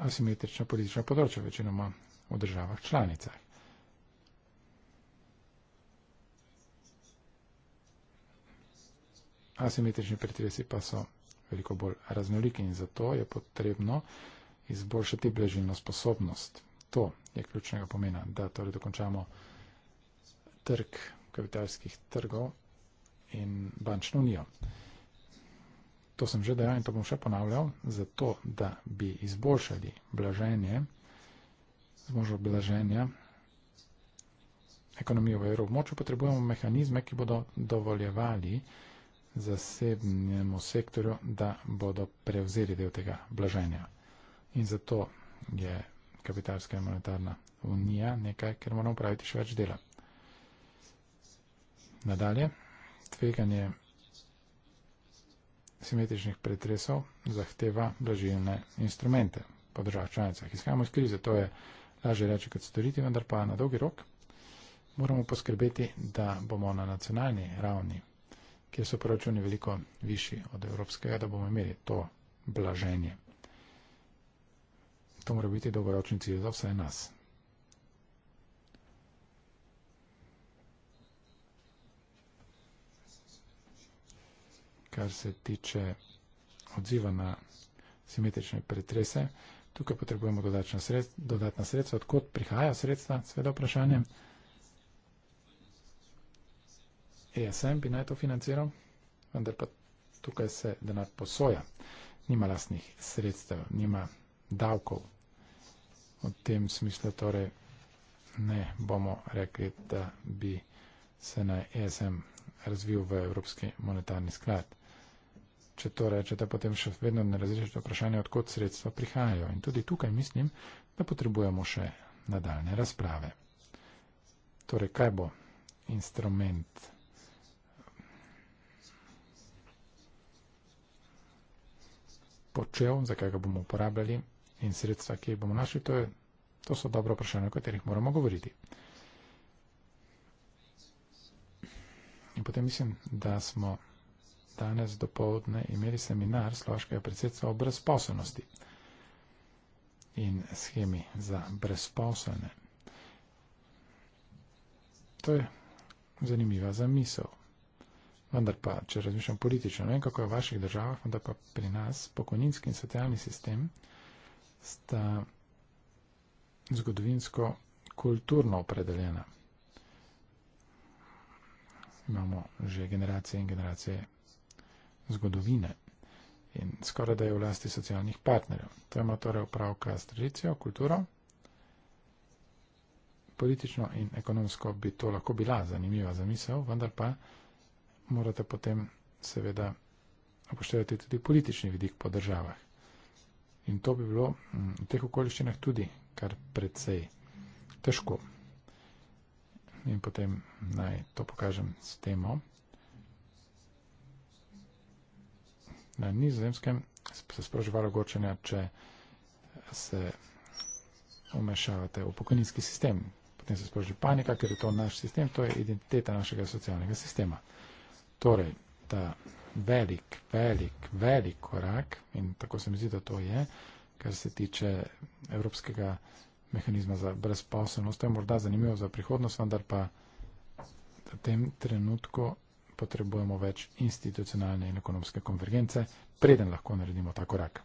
asimetrična politična področja, večinoma v državah članicah. asimetrični pretresi pa so veliko bolj raznoliki in zato je potrebno izboljšati bližino sposobnost. To je ključnega pomena, da torej dokončamo trg kapitalskih trgov in bančno unijo. To sem že dejal in to bom še ponavljal, zato da bi izboljšali blaženje, zmožno blaženja ekonomijo v evrov moču, potrebujemo mehanizme, ki bodo dovoljevali zasebnemu sektorju, da bodo prevzeli del tega blaženja. In zato je kapitalska in monetarna unija nekaj, ker moramo praviti še več dela. Nadalje, tveganje simetričnih pretresov zahteva blažilne instrumente po državah članicah. Izhajamo iz krize, to je lažje reči kot storiti, vendar pa na dolgi rok moramo poskrbeti, da bomo na nacionalni ravni kjer so proračuni veliko višji od evropskega, da bomo imeli to blaženje. To mora biti dolgoročni cilj za vse nas. Kar se tiče odziva na simetrične pretrese, tukaj potrebujemo dodatna sredstva. Odkot prihaja sredstva, sveda vprašanje. Mm. ESM bi naj to financiral, vendar pa tukaj se denar posoja, nima lastnih sredstev, nima davkov. V tem smislu torej ne bomo rekli, da bi se naj ESM razvil v Evropski monetarni sklad. Če to rečete, potem še vedno ne razrešite vprašanje, odkot sredstva prihajajo. In tudi tukaj mislim, da potrebujemo še nadaljne razprave. Torej, kaj bo instrument počel, zakaj ga bomo uporabljali in sredstva, ki jih bomo našli, to, je, to so dobro vprašanje, o katerih moramo govoriti. In potem mislim, da smo danes do povdne imeli seminar Slovaškega predsedstva o brezposobnosti in schemi za brezposobne. To je zanimiva zamisel vendar pa, če razmišljam politično, ne vem, kako je v vaših državah, vendar pa pri nas pokojninski in socialni sistem sta zgodovinsko kulturno opredeljena. Imamo že generacije in generacije zgodovine in skoraj da je v lasti socialnih partnerjev. To ima torej upravka s tradicijo, kulturo, politično in ekonomsko bi to lahko bila zanimiva zamisel, vendar pa morate potem seveda upoštevati tudi politični vidik po državah. In to bi bilo mm, v teh okoliščinah tudi kar precej težko. In potem naj to pokažem s temo. Na nizozemskem se sproži val ogorčenja, če se umešavate v pokojninski sistem. Potem se sproži panika, ker je to naš sistem, to je identiteta našega socialnega sistema. Torej, ta velik, velik, velik korak in tako se mi zdi, da to je, kar se tiče evropskega mehanizma za brezposobnost. To je morda zanimivo za prihodnost, vendar pa v tem trenutku potrebujemo več institucionalne in ekonomske konvergence, preden lahko naredimo ta korak.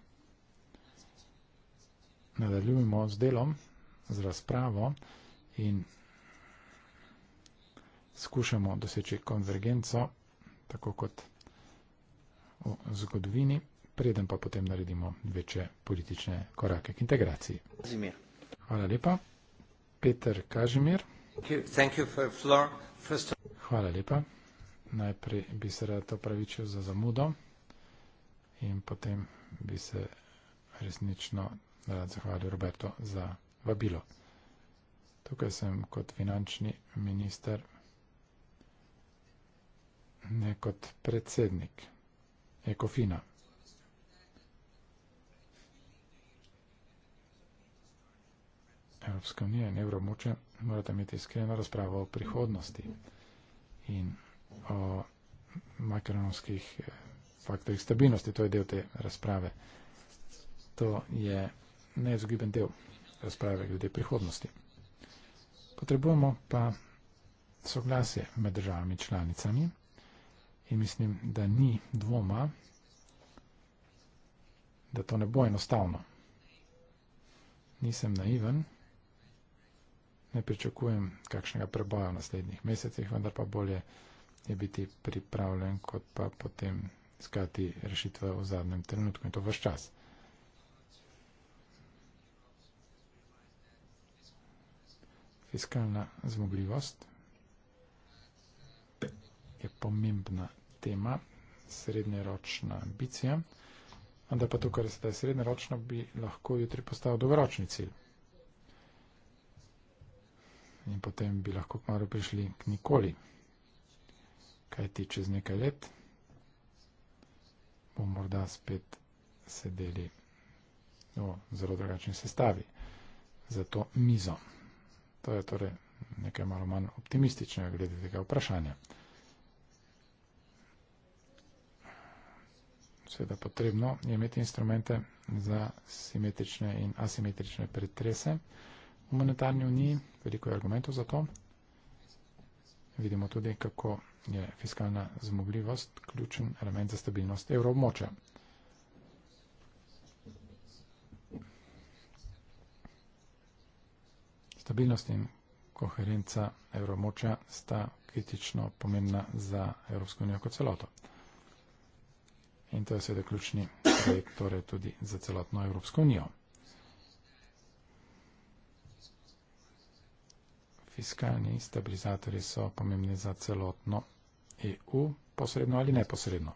Nadaljujemo z delom, z razpravo in skušamo doseči konvergenco tako kot v zgodovini, preden pa potem naredimo večje politične korake k integraciji. Zimir. Hvala lepa. Peter Kažimir. Thank you for floor. First... Hvala lepa. Najprej bi se rad opravičil za zamudo in potem bi se resnično rad zahvalil Roberto za vabilo. Tukaj sem kot finančni minister ne kot predsednik Ekofina. Evropska unija in Evromoče morata imeti iskreno razpravo o prihodnosti in o makronovskih eh, faktorjih stabilnosti. To je del te razprave. To je neizogiben del razprave glede prihodnosti. Potrebujemo pa soglasje med državami članicami. In mislim, da ni dvoma, da to ne bo enostavno. Nisem naiven, ne pričakujem kakšnega preboja v naslednjih mesecih, vendar pa bolje je biti pripravljen, kot pa potem iskati rešitve v zadnjem trenutku in to vse čas. Fiskalna zmogljivost je pomembna tema srednjeročna ambicija, vendar pa to, kar je sedaj srednjeročno, bi lahko jutri postal dolgoročni cilj. In potem bi lahko kmalo prišli k nikoli. Kaj ti čez nekaj let bomo morda spet sedeli v zelo drugačni sestavi za to mizo. To je torej nekaj malo manj optimističnega glede tega vprašanja. seveda potrebno imeti instrumente za simetrične in asimetrične pretrese. V monetarni uniji veliko je argumentov za to. Vidimo tudi, kako je fiskalna zmogljivost ključen element za stabilnost evroobmoča. Stabilnost in koherenca evroobmoča sta kritično pomembna za Evropsko unijo kot celoto in to je seveda ključni projekt torej tudi za celotno Evropsko unijo. Fiskalni stabilizatorji so pomembni za celotno EU, posredno ali neposredno.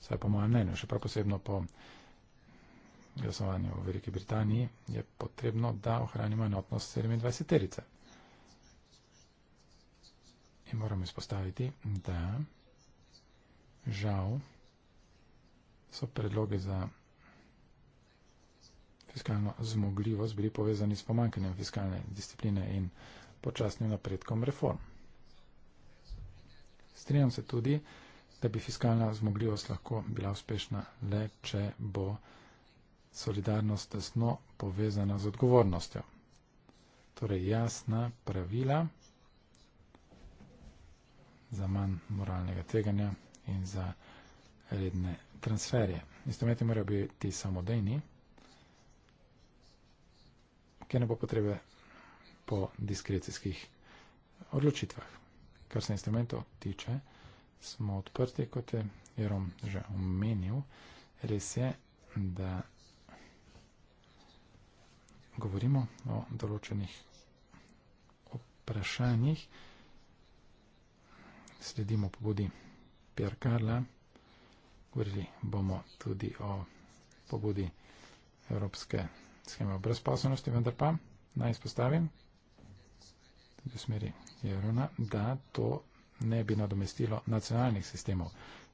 Vse po mojem mnenju, še prav posebno po glasovanju v Veliki Britaniji, je potrebno, da ohranimo enotnost 27 terice. In moramo izpostaviti, da žal so predloge za fiskalno zmogljivost bili povezani s pomankanjem fiskalne discipline in počasnim napredkom reform. Strinjam se tudi, da bi fiskalna zmogljivost lahko bila uspešna le, če bo solidarnost tesno povezana z odgovornostjo. Torej jasna pravila za manj moralnega teganja in za redne transferje. Instrumenti morajo biti samodejni, ker ne bo potrebe po diskrecijskih odločitvah. Kar se instrumentov tiče, smo odprti, kot je Jerom že omenil. Res je, da govorimo o določenih vprašanjih, sledimo pobudi Pierre Carla, govorili bomo tudi o pobudi Evropske scheme o brezposobnosti, vendar pa naj izpostavim tudi v smeri Jeruna, da to ne bi nadomestilo nacionalnih sistemov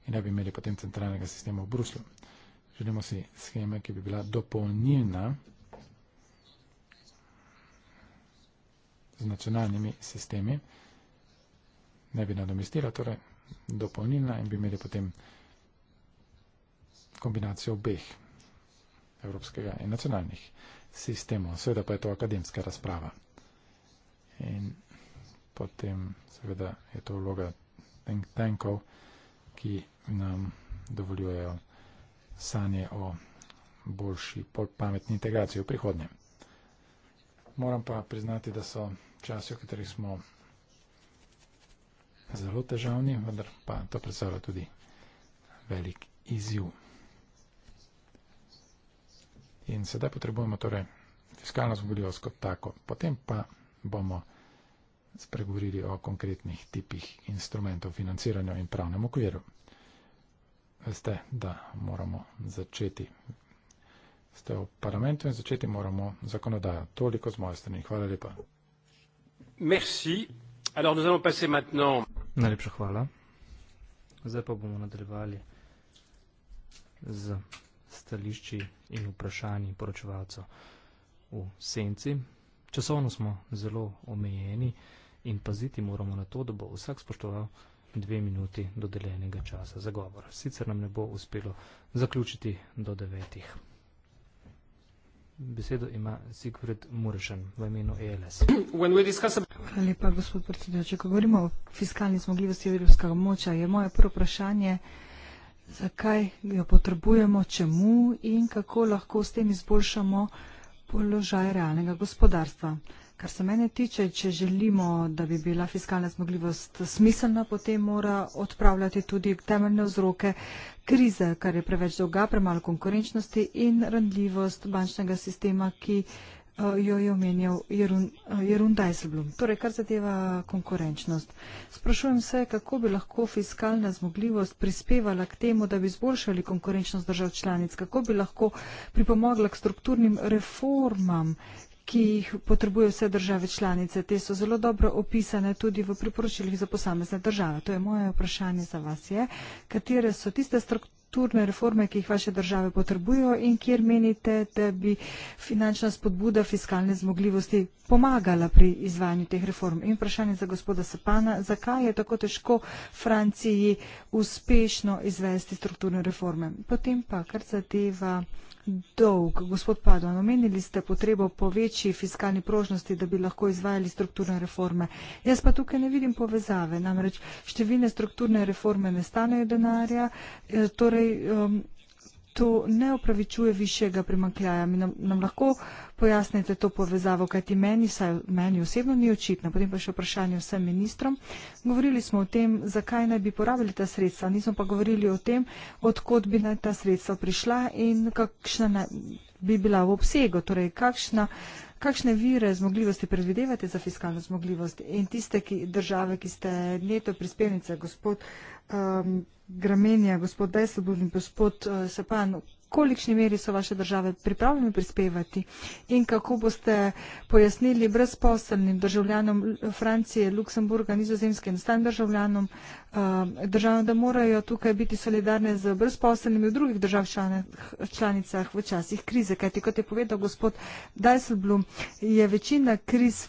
in ne bi imeli potem centralnega sistema v Bruslu. Želimo si scheme, ki bi bila dopolnilna z nacionalnimi sistemi, ne bi nadomestila, torej dopolnilna in bi imeli potem centralnega sistema kombinacijo obeh evropskega in nacionalnih sistemov. Seveda pa je to akademska razprava. In potem seveda je to vloga think tankov, ki nam dovoljujejo sanje o boljši, bolj pametni integraciji v prihodnje. Moram pa priznati, da so časi, v katerih smo zelo težavni, vendar pa to predstavlja tudi velik izjiv. In sedaj potrebujemo torej fiskalno zmogljivost kot tako. Potem pa bomo spregovorili o konkretnih tipih instrumentov financiranja in pravnem okviru. Veste, da moramo začeti. Ste v parlamentu in začeti moramo zakonodajo. Toliko z moje strani. Hvala lepa. Merci. Alors, nous allons passer maintenant... Najlepša hvala. Zdaj pa bomo nadaljevali z stališči in vprašanji poročevalcev v senci. Časovno smo zelo omejeni in paziti moramo na to, da bo vsak spoštoval dve minuti dodeljenega časa za govor. Sicer nam ne bo uspelo zaključiti do devetih. Besedo ima Sigurd Murešen v imenu ELS. Hvala lepa, gospod predsedujoči. Če govorimo o fiskalni zmogljivosti evropskega območja, je moje prvo vprašanje zakaj jo potrebujemo, čemu in kako lahko s tem izboljšamo položaj realnega gospodarstva. Kar se mene tiče, če želimo, da bi bila fiskalna zmogljivost smiselna, potem mora odpravljati tudi temeljne vzroke krize, kar je preveč dolga, premalo konkurenčnosti in randljivost bančnega sistema, ki Eh, jo je omenjal Jerun eh, Dajselblom. Torej, kar zadeva konkurenčnost. Sprašujem se, kako bi lahko fiskalna zmogljivost prispevala k temu, da bi zboljšali konkurenčnost držav članic, kako bi lahko pripomogla k strukturnim reformam, ki jih potrebuje vse države članice. Te so zelo dobro opisane tudi v priporočilih za posamezne države. To je moje vprašanje za vas. Je, katere so tiste strukturne reforme, ki jih vaše države potrebujejo in kjer menite, da bi finančna spodbuda fiskalne zmogljivosti pomagala pri izvajanju teh reform? In vprašanje za gospoda Sepana, zakaj je tako težko Franciji uspešno izvesti strukturne reforme? Potem pa, kar zadeva dolg. Gospod Padoan, omenili ste potrebo po večji fiskalni prožnosti, da bi lahko izvajali strukturne reforme. Jaz pa tukaj ne vidim povezave, namreč številne strukturne reforme ne stanejo denarja, eh, torej um, to ne opravičuje višjega primankljaja. Mi nam, nam lahko pojasnite to povezavo, kajti meni, saj, meni osebno ni očitno. Potem pa še vprašanje vsem ministrom. Govorili smo o tem, zakaj naj bi porabili ta sredstva, nismo pa govorili o tem, odkot bi naj ta sredstva prišla in kakšna naj, bi bila v obsegu. Torej, kakšna, kakšne vire zmogljivosti predvidevate za fiskalno zmogljivost in tiste ki, države, ki ste neto prispevnice, gospod. Uh, um, Gramenija, gospod Deslobov in gospod uh, Sapan, v kolikšni meri so vaše države pripravljene prispevati in kako boste pojasnili brezposelnim državljanom Francije, Luksemburga, Nizozemske in stan državljanom, uh, državljanom, da morajo tukaj biti solidarne z brezposelnimi v drugih držav članicah v časih krize. Kajti, kot je povedal gospod Deslobov, je večina kriz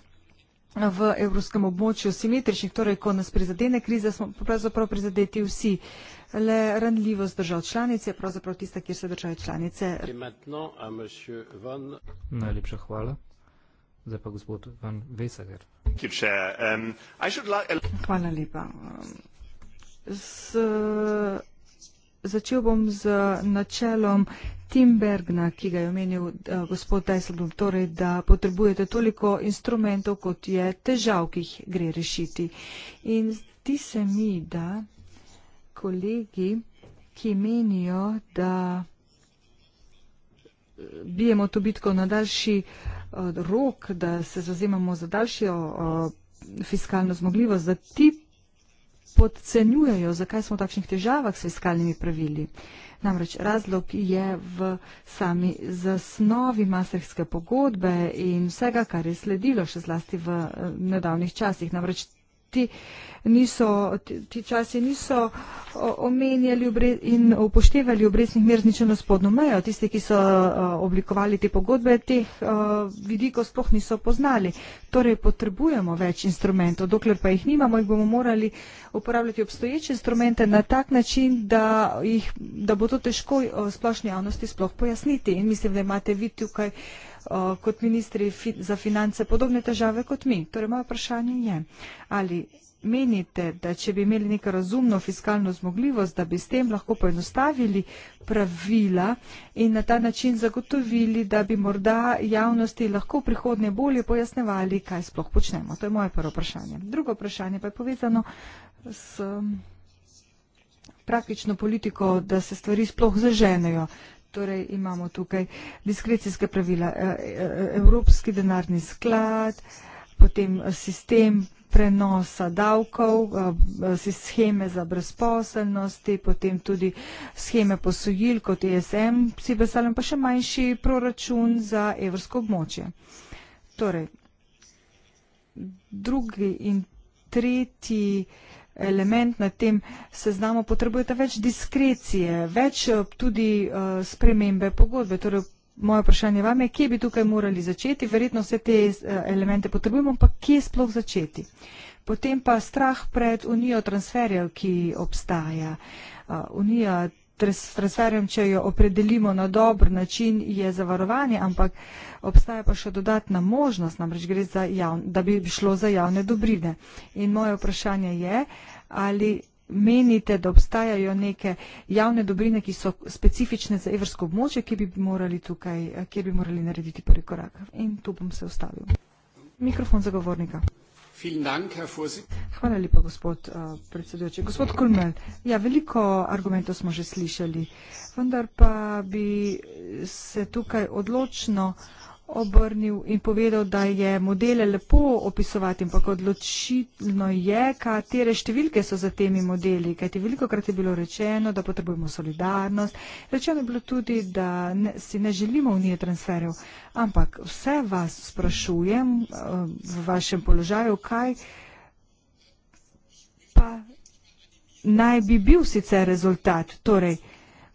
v evropskem območju simetričnih, torej ko nas prizadene krize, smo pravzaprav prizadeti vsi. Le ranljivost držav članic je pravzaprav tista, kjer se držajo članice. Najlepša hvala. Zdaj pa gospod Van Vesager. Um, hvala lepa. Um, s začel bom z načelom Tim Bergna, ki ga je omenil uh, gospod Dijsselbloom, torej, da potrebujete toliko instrumentov, kot je težav, ki jih gre rešiti. In ti se mi, da kolegi, ki menijo, da eh, bijemo to bitko na daljši uh, rok, da se zazemamo za daljšo uh, fiskalno zmogljivost, da ti podcenjujejo, zakaj smo v takšnih težavah s fiskalnimi pravili. Namreč razlog je v sami zasnovi maserhske pogodbe in vsega, kar je sledilo še zlasti v eh, nedavnih časih. Namreč ti, niso, ti, ti časi niso omenjali in upoštevali obresnih mer z ničem na spodnjo mejo. Tisti, ki so oblikovali te pogodbe, teh vidikov sploh niso poznali. Torej potrebujemo več instrumentov. Dokler pa jih nimamo, jih bomo morali uporabljati obstoječe instrumente na tak način, da, jih, da bo to težko splošni javnosti sploh pojasniti. In mislim, da imate vi tukaj. Uh, kot ministri fi, za finance podobne težave kot mi. Torej, moje vprašanje je, ali menite, da če bi imeli neko razumno fiskalno zmogljivost, da bi s tem lahko poenostavili pravila in na ta način zagotovili, da bi morda javnosti lahko v prihodnje bolje pojasnevali, kaj sploh počnemo. To je moje prvo vprašanje. Drugo vprašanje pa je povezano s praktično politiko, da se stvari sploh zaženejo. Torej imamo tukaj diskrecijske pravila. E, e, e, Evropski denarni sklad, potem sistem prenosa davkov, scheme za brezposelnosti, potem tudi scheme posojil kot ESM, si besalem pa še manjši proračun za evrsko območje. Torej, drugi in tretji proračun, element na tem seznamu, potrebujete več diskrecije, več eh, tudi eh, spremembe pogodbe. Torej, moje vprašanje vam je, kje bi tukaj morali začeti, verjetno vse te eh, elemente potrebujemo, pa kje sploh začeti. Potem pa strah pred unijo transferjev, ki obstaja. Unija s transferjem, če jo opredelimo na dober način, je zavarovanje, ampak obstaja pa še dodatna možnost, namreč gre za javne, da bi šlo za javne dobrine. In moje vprašanje je, uh, ali menite, da obstajajo neke javne dobrine, ki so specifične za evrsko območje, ki bi morali tukaj, kjer bi morali narediti prvi korak. In tu bom se ustavil. Mikrofon zagovornika. Hvala lepa, gospod uh, predsedujoči. Gospod Kulmel, ja, veliko argumentov smo že slišali, vendar pa bi se tukaj odločno uh, obrnil in povedal, da je modele lepo opisovati, ampak odločitno je, katere številke so za temi modeli. Kajti veliko krat je bilo rečeno, da potrebujemo solidarnost. Rečeno je bilo tudi, da ne, si ne želimo unije transferjev. Ampak vse vas sprašujem eh, v vašem položaju, kaj pa naj bi bil sicer rezultat. Torej,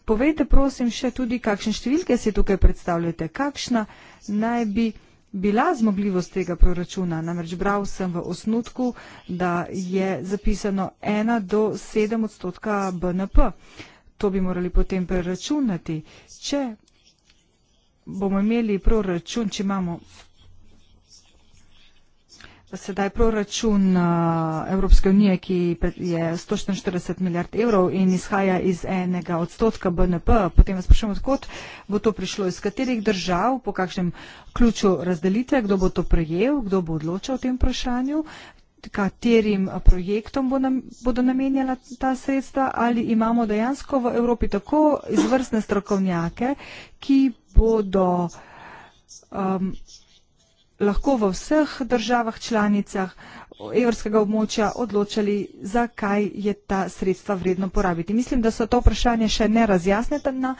povejte prosim še tudi, kakšne številke si tukaj predstavljate, kakšna naj bi bila zmogljivost tega proračuna. Namreč bral sem v osnutku, da je zapisano 1 do 7 odstotka BNP. To bi morali potem preračunati. Če bomo imeli proračun, če imamo sedaj proračun uh, Evropske unije, ki je 144 milijard evrov in izhaja iz enega odstotka BNP, potem vas prašam, odkot bo to prišlo, iz katerih držav, po kakšnem ključu razdelite, kdo bo to prejel, kdo bo odločal o tem vprašanju, katerim projektom bo nam, bodo namenjala ta sredstva ali imamo dejansko v Evropi tako izvrstne strokovnjake, ki bodo. Um, lahko v vseh državah članicah evrskega območja odločali, zakaj je ta sredstva vredno porabiti. Mislim, da so to vprašanje še ne razjasnjena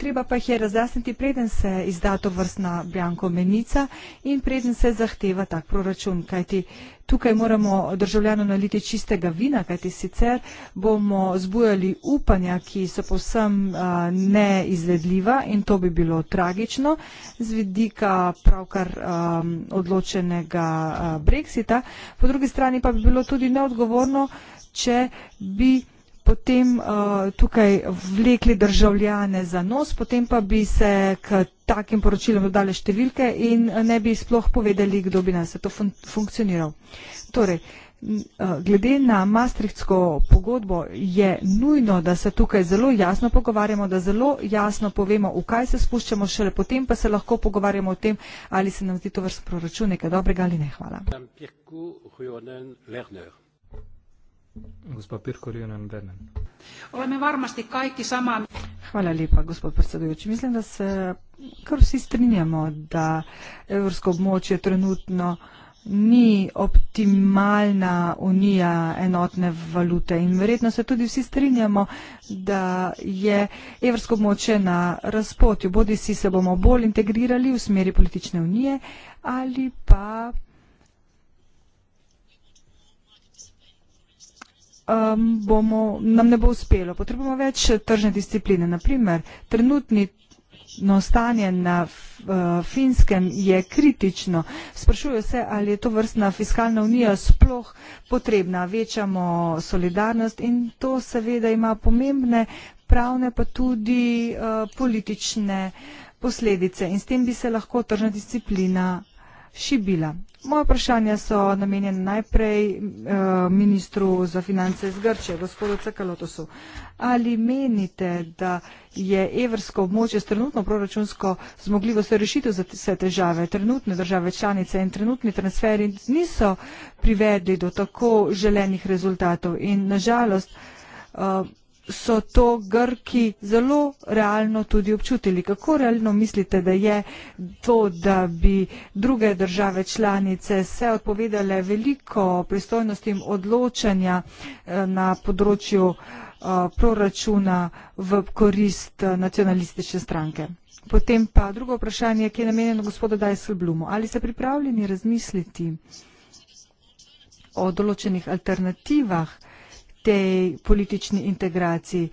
treba pa jih je razjasniti, preden se izda to vrstna bjanko menica in preden se zahteva tak proračun. Kajti tukaj moramo državljanu naliti čistega vina, kajti sicer bomo zbujali upanja, ki so povsem neizvedljiva in to bi bilo tragično z vidika pravkar odločenega Brexita. Po drugi strani pa bi bilo tudi neodgovorno, če bi potem uh, tukaj vlekli državljane za nos, potem pa bi se k takim poročilom dodale številke in eh, ne bi sploh povedali, kdo bi nas to fun funkcioniral. Torej, eh, Glede na Maastrichtsko pogodbo je nujno, da se tukaj zelo jasno pogovarjamo, da zelo jasno povemo, v kaj se spuščamo, šele potem pa se lahko pogovarjamo o tem, ali se nam zdi to vrst proračun nekaj dobrega ali ne. Hvala. Pirku, Hujonen, Gospa Pirkorjonen Denen. Oleme varmosti kajki sama. Hvala lepa, gospod predsedujoči. Mislim, da se kar vsi strinjamo, da evropsko območje trenutno ni optimalna unija enotne valute in verjetno se tudi vsi strinjamo, da je evropsko območje na razpotju. Bodi si se bomo bolj integrirali v smeri politične unije ali pa um, bomo, nam ne bo uspelo. Potrebujemo več tržne discipline. Naprimer, trenutni No, stanje na uh, finskem je kritično. Sprašujejo se, ali je to vrstna fiskalna unija sploh potrebna. Večamo solidarnost in to seveda ima pomembne pravne pa tudi uh, politične posledice in s tem bi se lahko tržna disciplina šibila. Moje vprašanje so namenjene najprej eh, ministru za finance iz Grče, gospodu Cekalotosu. Ali menite, da je evrsko območje s trenutno proračunsko zmogljivostjo rešitev za vse težave? Trenutne države članice in trenutni transferi niso privedli do tako želenih rezultatov in nažalost eh, so to Grki zelo realno tudi občutili. Kako realno mislite, da je to, da bi druge države članice se odpovedale veliko pristojnostim odločanja eh, na področju eh, proračuna v korist eh, nacionalistične stranke? Potem pa drugo vprašanje, ki je namenjeno gospodu Dajselblumu. Ali ste pripravljeni razmisliti o določenih alternativah, tej politični integraciji.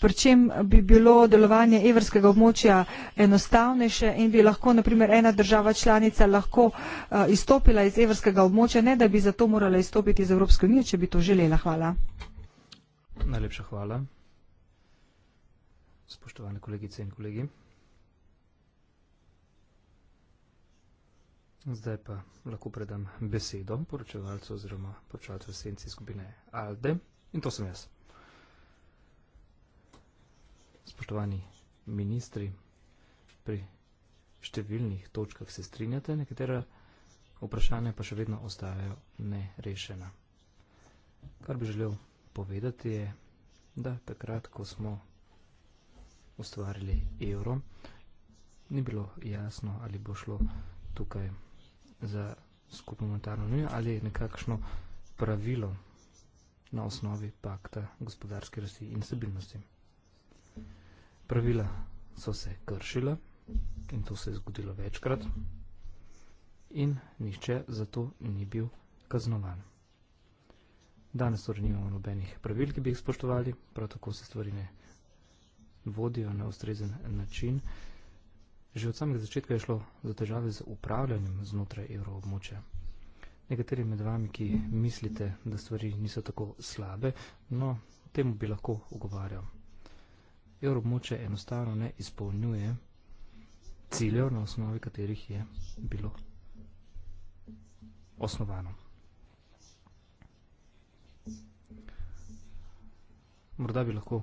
Pričem bi bilo delovanje evrskega območja enostavnejše in bi lahko, naprimer, ena država članica lahko eh, izstopila iz evrskega območja, ne da bi zato morala izstopiti iz Evropske unije, če bi to želela. Hvala. Najlepša hvala. Spoštovane kolegice in kolegi. Zdaj pa lahko predam besedo poročevalcu oziroma poročevalcu esenci skupine Alde in to sem jaz. Spoštovani ministri, pri številnih točkah se strinjate, nekatera vprašanja pa še vedno ostajajo nerešena. Kar bi želel povedati je, da takrat, ko smo ustvarili evro, ni bilo jasno, ali bo šlo tukaj vprašanje za skupno monetarno unijo ali nekakšno pravilo na osnovi pakta gospodarske rasti in stabilnosti. Pravila so se kršila in to se je zgodilo večkrat in nihče zato ni bil kaznovan. Danes torej nimamo nobenih pravil, ki bi jih spoštovali, prav tako se stvari ne vodijo na ustrezen način. Uh, Že od samega začetka je šlo za težave z upravljanjem znotraj evroobmočja. Nekateri med vami, ki mislite, da stvari niso tako slabe, no, temu bi lahko ugovarjal. Evroobmočje enostavno ne izpolnjuje ciljev, na osnovi katerih je bilo osnovano. Morda bi lahko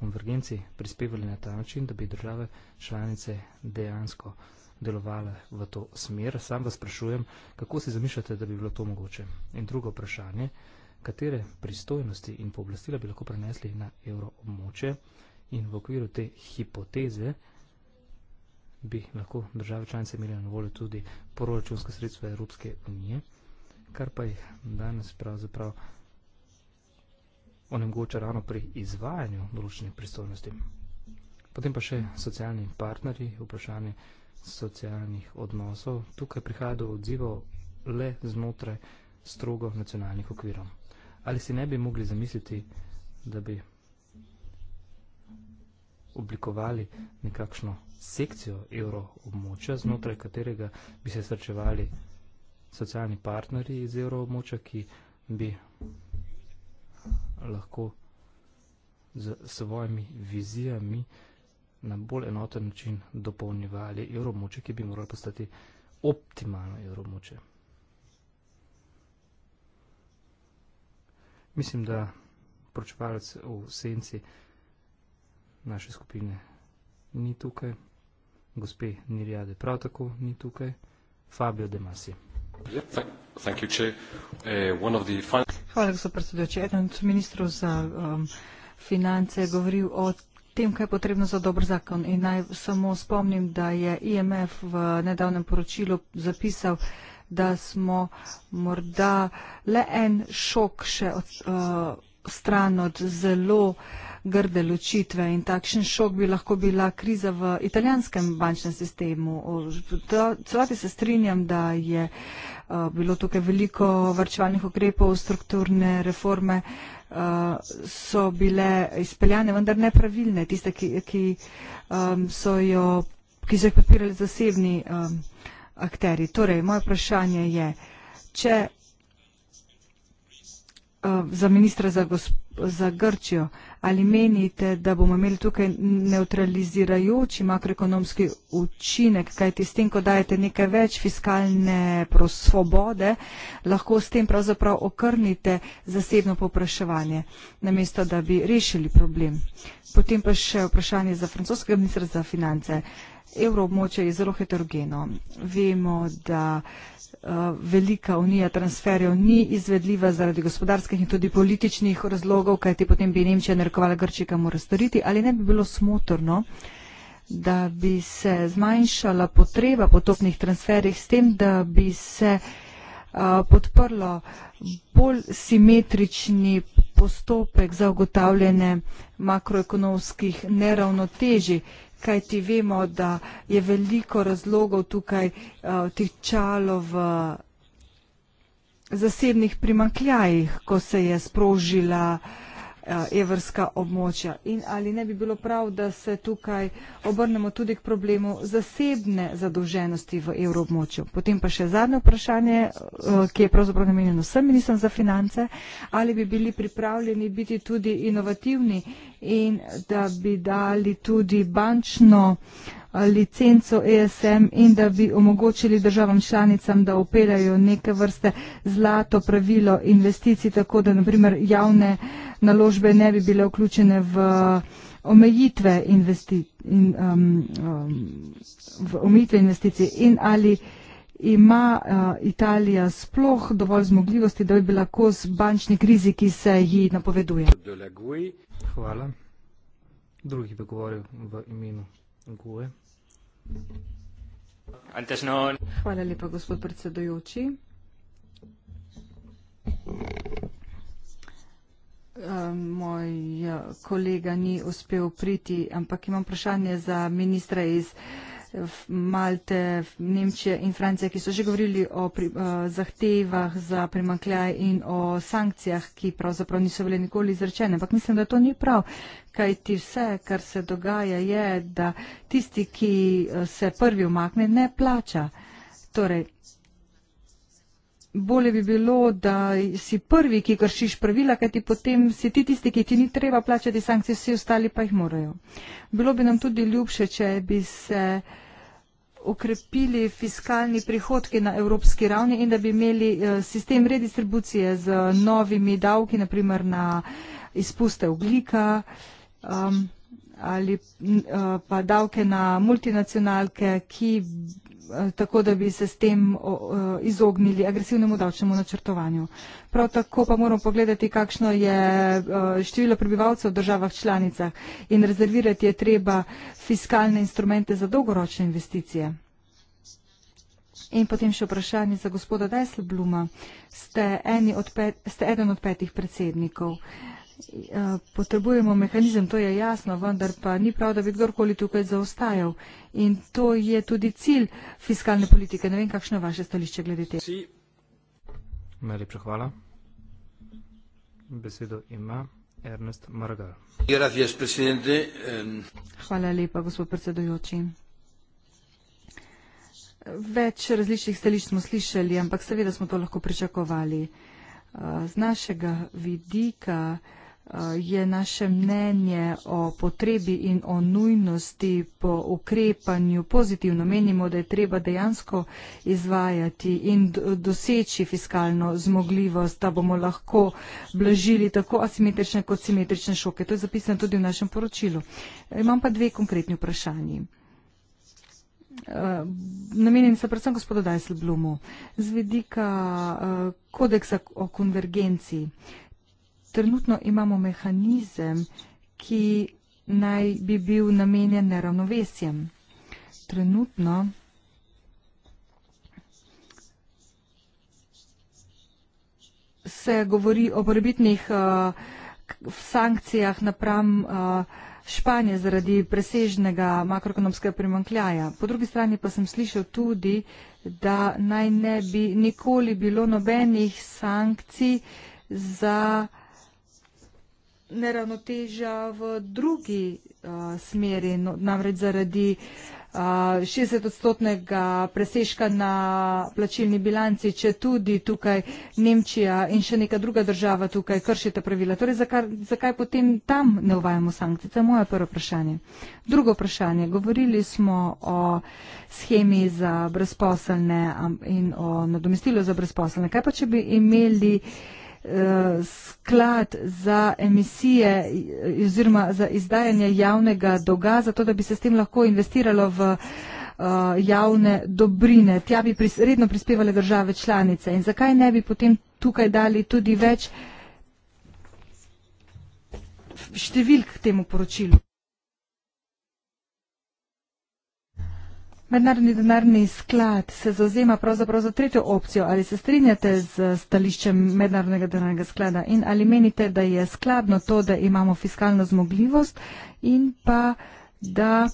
konvergenci prispevali na ta način, da bi države članice dejansko delovale v to smer. Sam vas sprašujem, kako si zamišljate, da bi bilo to mogoče. In drugo vprašanje, katere pristojnosti in pooblastila bi lahko prenesli na evroobmoče in v okviru te hipoteze bi lahko države članice imeli na voljo tudi proračunske sredstva Evropske unije, kar pa jih danes pravzaprav. Prav onemogoča ravno pri izvajanju določenih pristojnosti. Potem pa še socialni partnerji, vprašanje socialnih odnosov. Tukaj prihaja do odzivov le znotraj strogo nacionalnih okvirov. Ali si ne bi mogli zamisliti, da bi oblikovali nekakšno sekcijo evroobmočja, znotraj katerega bi se srčevali socialni partnerji iz evroobmočja, ki bi lahko z svojimi vizijami na bolj enoten način dopolnjevali evromoče, ki bi morali postati optimalno evromoče. Mislim, da pročevalec v senci naše skupine ni tukaj, gospe Nirjade prav tako ni tukaj, Fabio De Masi. Uh, Hvala, gospod predsedujoči. Eden od ministrov za um, finance je govoril o tem, kaj je potrebno za dober zakon. In naj samo spomnim, da je IMF v nedavnem poročilu zapisal, da smo morda le en šok še od, uh, stran od zelo uh, grde ločitve in takšen šok bi lahko bila kriza v italijanskem bančnem sistemu. Celati se strinjam, da je eh, bilo tukaj veliko varčevalnih ukrepov, strukturne reforme eh, so bile izpeljane, vendar nepravilne, tiste, ki, ki, so, jo, ki so jih podpirali zasebni akteri. Torej, moje vprašanje je, če eh, za ministra za gospodarstvo za Grčijo. Ali menite, da bomo imeli tukaj neutralizirajoči makroekonomski učinek, kajti s tem, ko dajete nekaj več fiskalne prosvobode, lahko s tem pravzaprav okrnite zasebno popraševanje, namesto da bi rešili problem. Potem pa še vprašanje za francoskega ministra za finance. Evroobmoče je zelo heterogeno. Vemo, da Eh, velika unija transferjev ni izvedljiva zaradi gospodarskih in tudi političnih razlogov, kajti potem bi Nemčija narekovala Grčiji, kaj mora storiti, ali ne bi bilo smotrno, da bi se zmanjšala potreba po topnih transferjih s tem, da bi se eh, podprlo bolj simetrični postopek za ugotavljanje makroekonomskih neravnotežij, kaj ti vemo, da je veliko razlogov tukaj uh, eh, tičalo v zasebnih primankljajih, ko se je sprožila uh, Eh, evrska območja. In ali ne bi bilo prav, da se tukaj obrnemo tudi k problemu zasebne zadolženosti v evroobmočju. Potem pa še zadnje vprašanje, eh, ki je pravzaprav namenjeno vsem ministrom za finance, ali bi bili pripravljeni biti tudi inovativni in da bi dali tudi bančno licenco ESM in da bi omogočili državam članicam, da operajo neke vrste zlato pravilo investicij, tako da naprimer javne naložbe ne bi bile vključene v omejitve, investi in, um, um, v omejitve investicij in ali ima uh, Italija sploh dovolj zmogljivosti, da bi bila kos bančni krizi, ki se ji napoveduje. Hvala. Drugi bi govoril v imenu No. Hvala lepa, gospod predsedujoči. Ehm, moj eh, kolega ni uspel priti, ampak imam vprašanje za ministra iz Malte, Nemčije in Francije, ki so že govorili o pri, uh, zahtevah za primankljaj in o sankcijah, ki pravzaprav niso bile nikoli izrečene. Ampak mislim, da to ni prav, kaj ti vse, kar se dogaja, je, da tisti, ki eh, se prvi umakne, ne plača. Torej, bolje bi bilo, da si prvi, ki kršiš pravila, kajti potem si ti tisti, ki ti ni treba plačati sankcije, vsi ostali pa jih morajo. Bilo bi nam tudi ljubše, če bi se okrepili fiskalni prihodki na evropski ravni in da bi imeli eh, sistem redistribucije z novimi davki, naprimer na izpuste oglika um, ali uh, pa davke na multinacionalke, ki Eh, tako da bi se s tem izognili agresivnemu davčnemu načrtovanju. Prav tako pa moramo pogledati, kakšno je eh, število prebivalcev v državah članicah in rezervirati je treba fiskalne instrumente za dolgoročne investicije. In potem še vprašanje za gospoda Dajsel Bluma. Ste, ste eden od petih predsednikov. Uh, Eh, potrebujemo mehanizem, to je jasno, vendar pa ni prav, da bi kdorkoli tukaj zaostajal. In to je tudi cilj fiskalne politike. Ne vem, kakšno je vaše stališče glede tega. Najlepša hvala. Besedo ima Ernest Margal. Hvala lepa, gospod predsedujoči. Več različnih stališč smo slišali, ampak seveda smo to lahko pričakovali. Eh, z našega vidika Eh, je naše mnenje o potrebi in o nujnosti po ukrepanju pozitivno. Menimo, da je treba dejansko izvajati in doseči fiskalno zmogljivost, da bomo lahko blažili tako asimetrične kot simetrične šoke. To je zapisano tudi v našem poročilu. Eh, imam pa dve konkretni vprašanji. Eh, Namenim se predvsem gospodu Dajselblumu. Z vedika kodeksa o konvergenciji trenutno imamo mehanizem, ki naj bi bil namenjen neravnovesjem. Trenutno se govori o morbitnih uh, sankcijah napram uh, Španije zaradi presežnega makroekonomskega primankljaja. Po drugi strani pa sem slišal tudi, da naj ne bi nikoli bilo nobenih sankcij za neravnotežja v drugi uh, smeri, no, namreč zaradi uh, 60-odstotnega preseška na plačilni bilanci, če tudi tukaj Nemčija in še neka druga država tukaj kršite pravila. Torej, zakar, zakaj potem tam ne uvajamo sankcij? To je moje prvo vprašanje. Drugo vprašanje. Govorili smo o schemi za brezposelne in o nadomestilu za brezposelne. Kaj pa, če bi imeli. Uh, sklad za emisije oziroma za izdajanje javnega dolga, zato da bi se s tem lahko investiralo v eh, javne dobrine. Tja bi pris, redno prispevale države članice. In zakaj ne bi potem tukaj dali tudi več številk temu poročilu? Mednarodni denarni sklad se zauzema pravzaprav za tretjo opcijo. Ali se strinjate z stališčem Mednarodnega denarnega sklada in ali menite, da je skladno to, da imamo fiskalno zmogljivost in pa da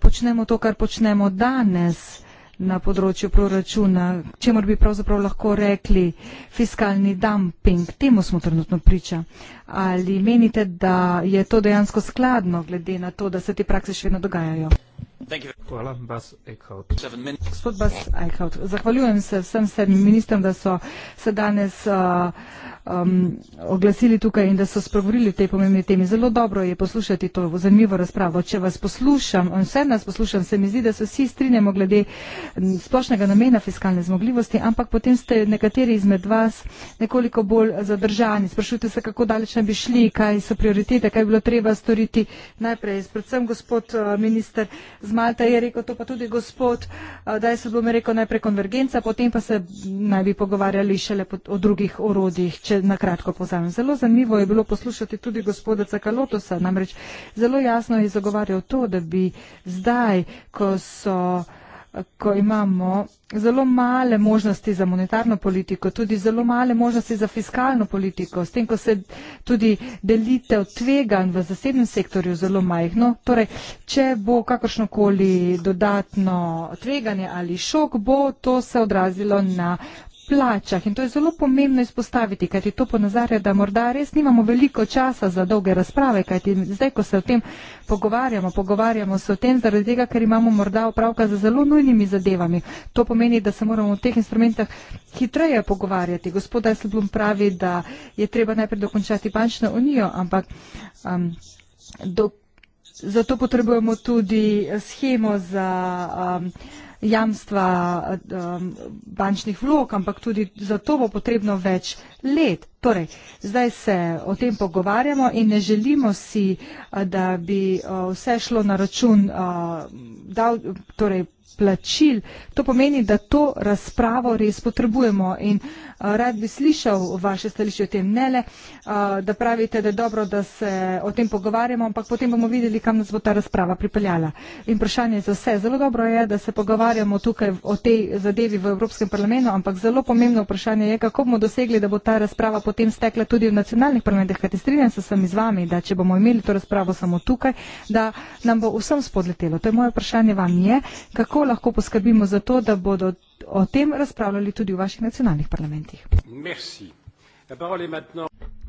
počnemo to, kar počnemo danes na področju proračuna, čemor bi pravzaprav lahko rekli fiskalni dumping. Temu smo trenutno priča. Ali menite, da je to dejansko skladno glede na to, da se te prakse še vedno dogajajo? Hvala, Bas Eichhout. Gospod Bas Eichhout, zahvaljujem se vsem sedmim ministrom, da so se danes. Uh, um, oglasili tukaj in da so spregovorili o tej pomembni temi. Zelo dobro je poslušati to zanimivo razpravo. Če vas poslušam, vse nas poslušam, se mi zdi, da se vsi strinjamo glede splošnega namena fiskalne zmogljivosti, ampak potem ste nekateri izmed vas nekoliko bolj zadržani. Sprašujte se, kako daleč nam bi šli, kaj so prioritete, kaj bi bilo treba storiti najprej. Predvsem gospod uh, minister z Malta je rekel to, pa tudi gospod, da je se bom rekel najprej konvergenca, potem pa se naj bi pogovarjali šele o drugih orodjih. Če če na kratko povzamem. Zelo zanimivo je bilo poslušati tudi gospoda Cakalotosa, namreč zelo jasno je zagovarjal to, da bi zdaj, ko so ko imamo zelo male možnosti za monetarno politiko, tudi zelo male možnosti za fiskalno politiko, s tem, ko se tudi delitev tvegan v zasebnem sektorju zelo majhno. Torej, če bo kakršnokoli dodatno tveganje ali šok, bo to se odrazilo na plačah. In to je zelo pomembno izpostaviti, kajti to ponazarja, da morda res nimamo veliko časa za dolge razprave, kajti zdaj, ko se o tem pogovarjamo, pogovarjamo se o tem zaradi tega, ker imamo morda opravka za zelo nujnimi zadevami. To pomeni, da se moramo v teh instrumentah hitreje pogovarjati. Gospod Eslblom pravi, da je treba najprej dokončati bančno unijo, ampak um, do, zato potrebujemo tudi eh, schemo za. Um, jamstva eh, um, bančnih vlog, ampak tudi za to bo potrebno več let. Torej, zdaj se o tem pogovarjamo in ne želimo si, eh, da bi eh, vse šlo na račun uh, dal, torej, plačil. To pomeni, da to razpravo res potrebujemo in eh, rad bi slišal vaše stališče o tem. Ne le, eh, da pravite, da je dobro, da se o tem pogovarjamo, ampak potem bomo videli, kam nas bo ta razprava pripeljala. In vprašanje za vse. Zelo dobro je, da se pogovarjamo tukaj o tej zadevi v Evropskem parlamentu, ampak zelo pomembno vprašanje je, kako bomo dosegli, da bo ta razprava potem stekla tudi v nacionalnih parlamentih. Kajti strinjam se sem z vami, da če bomo imeli to razpravo samo tukaj, da nam bo vsem spodletelo. To je moje vprašanje vam je, kako lahko poskrbimo za to, da bodo o tem razpravljali tudi v vaših nacionalnih parlamentih.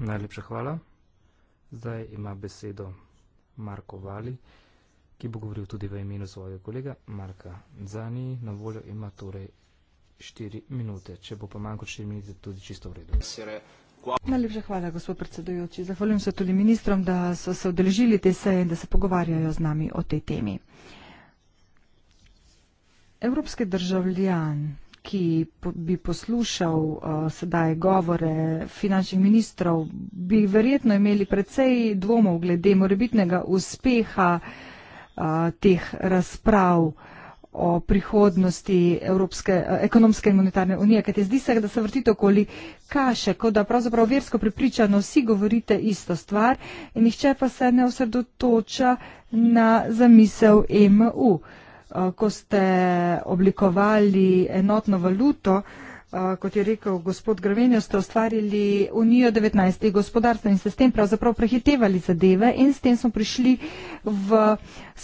Najlepša hvala. Zdaj ima besedo Marko Vali, ki bo govoril tudi v imenu svojega kolega Marka Zani. Na voljo ima torej 4 minute. Če bo pa manj kot 4 minute, tudi čisto v redu. Najlepša hvala, gospod predsedujoči. Zahvaljujem se tudi ministrom, da so se odeležili te seje in da se pogovarjajo z nami o tej temi. Uh, Evropski državljan, ki bi poslušal uh, sedaj govore finančnih ministrov, bi verjetno imeli precej dvomov glede morebitnega uspeha uh, teh razprav o prihodnosti Evropske, uh, ekonomske in monetarne unije, kajti zdi se, da se vrtite okoli kaše, kot da pravzaprav versko pripričano vsi govorite isto stvar in nihče pa se ne osredotoča na zamisel MU. Uh, Eh, ko ste oblikovali enotno valuto, eh, kot je rekel gospod Gravenjo, ste ustvarili unijo 19. gospodarstva in ste s tem pravzaprav prehitevali zadeve in s tem smo prišli v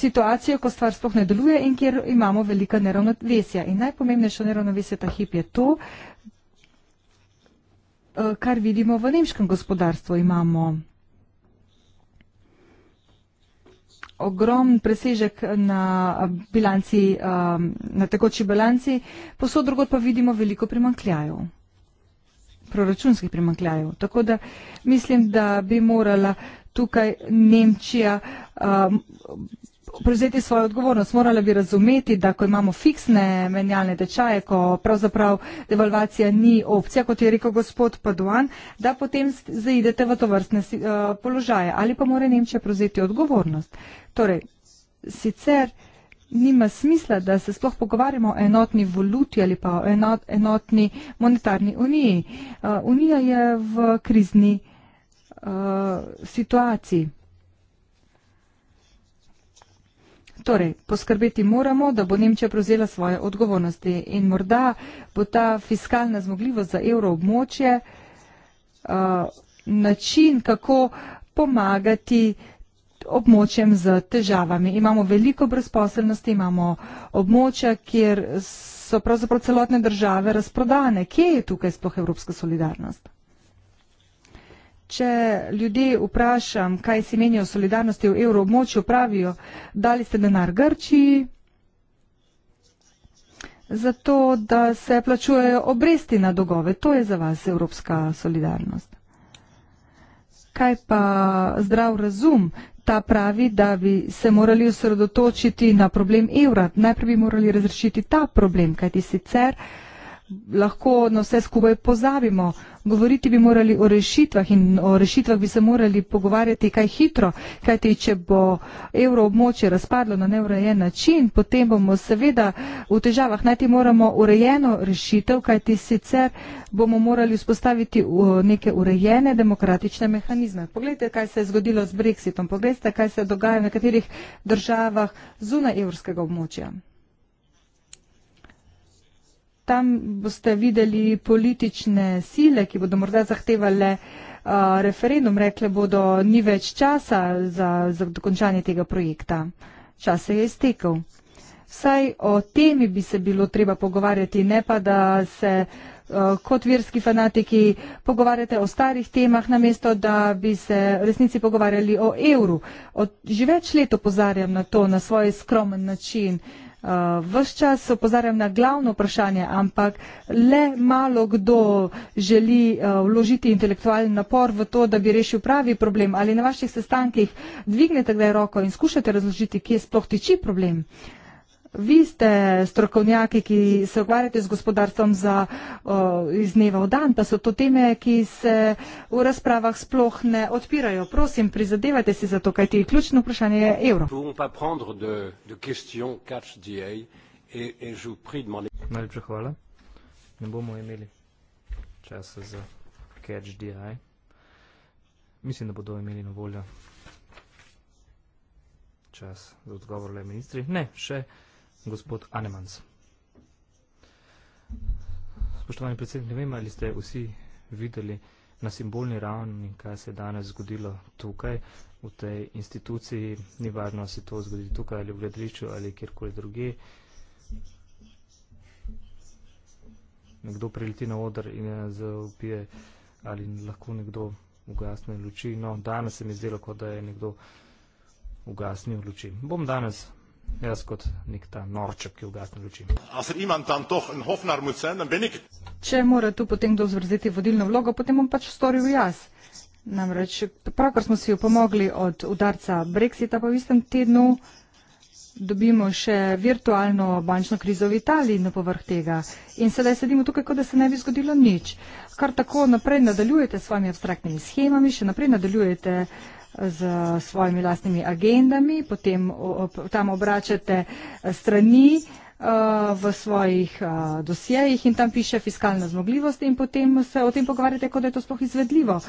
situacijo, ko stvar sploh ne deluje in kjer imamo velika neravnovesja. In najpomembnejša neravnovesja ta hip je to, eh, kar vidimo v nemškem gospodarstvu. Imamo ogromen presežek na bilanci, um, na tekoči bilanci, posod drugot pa vidimo veliko primankljajev, proračunskih primankljajev. Tako da mislim, da bi morala tukaj Nemčija. Uh, prevzeti svojo odgovornost. Morali bi razumeti, da ko imamo fiksne menjalne tečaje, ko pravzaprav devalvacija ni opcija, kot je rekel gospod Paduan, da potem zaidete v to vrstne uh, eh, položaje. Ali pa mora Nemčija prevzeti odgovornost. Torej, sicer nima smisla, da se sploh pogovarjamo o enotni valuti ali pa o enot, enotni monetarni uniji. Uh, unija je v krizni uh, situaciji. Torej, poskrbeti moramo, da bo Nemčija prevzela svoje odgovornosti in morda bo ta fiskalna zmogljivost za evro območje uh, način, kako pomagati območjem z težavami. Imamo veliko brezposelnosti, imamo območja, kjer so pravzaprav celotne države razprodane. Kje je tukaj sploh evropska solidarnost? Če ljudje vprašam, kaj si menijo o solidarnosti v evroobmočju, pravijo, dali ste denar Grčiji, zato da se plačujejo obresti na dogove. To je za vas evropska solidarnost. Kaj pa zdrav razum? Ta pravi, da bi se morali osredotočiti na problem evra. Najprej bi morali razrešiti ta problem, kajti sicer lahko na vse skupaj pozabimo. Govoriti bi morali o rešitvah in o rešitvah bi se morali pogovarjati kaj hitro, kajti če bo evroobmočje razpadlo na neurejen način, potem bomo seveda v težavah najti moramo urejeno rešitev, kajti sicer bomo morali vzpostaviti uh, neke urejene demokratične mehanizme. Poglejte, kaj se je zgodilo z Brexitom, poglejte, kaj se dogaja v nekaterih državah zunaj evropskega območja tam boste videli politične sile, ki bodo morda zahtevale uh, referendum, rekle bodo, ni več časa za, za dokončanje tega projekta. Čas se je iztekel. Vsaj o temi bi se bilo treba pogovarjati, ne pa da se uh, kot verski fanatiki pogovarjate o starih temah, namesto da bi se resnici pogovarjali o evru. Od, že več let opozarjam na to, na svoj skromen način, Eh, ves čas opozarjam na glavno vprašanje, ampak le malo kdo želi eh, vložiti intelektualni napor v to, da bi rešil pravi problem. Ali na vaših sestankih dvignete kdaj roko in skušate razložiti, kje sploh tiči problem? Vi ste strokovnjaki, ki se ukvarjate z gospodarstvom za, o, iz dneva v dan, pa so to teme, ki se v razpravah sploh ne odpirajo. Prosim, prizadevajte si za to, kajti ključno vprašanje je evro. Najlepša hvala. Ne bomo imeli časa za catch DI. Mislim, da bodo imeli na voljo čas za odgovor le ministri. Ne, še gospod Anemans. Spoštovani predsednik, ne vem, ali ste vsi videli na simbolni ravni, kaj se je danes zgodilo tukaj, v tej instituciji. Ni varno se to zgoditi tukaj ali v gledališču ali kjerkoli druge. Nekdo prileti na odr in se upije ali lahko nekdo ugasne luči. No, danes se mi zdelo, kot da je nekdo ugasnil luči. Bom danes Jaz kot nek ta norček, ki ugasne luči. Er Če mora tu potem kdo zvrzeti vodilno vlogo, potem bom pač storil jaz. Namreč pravkar smo si jo pomogli od udarca Brexita, pa v istem tednu dobimo še virtualno bančno krizo v Italiji na povrh tega. In sedaj sedimo tukaj, kot da se ne bi zgodilo nič. Kar tako naprej nadaljujete s svojimi abstraktnimi schemami, še naprej nadaljujete z svojimi lastnimi agendami, potem tam obračate strani, Eh, v svojih eh, dosjejih in tam piše fiskalna zmogljivost in potem se o tem pogovarjate, kot da je to sploh izvedljivo.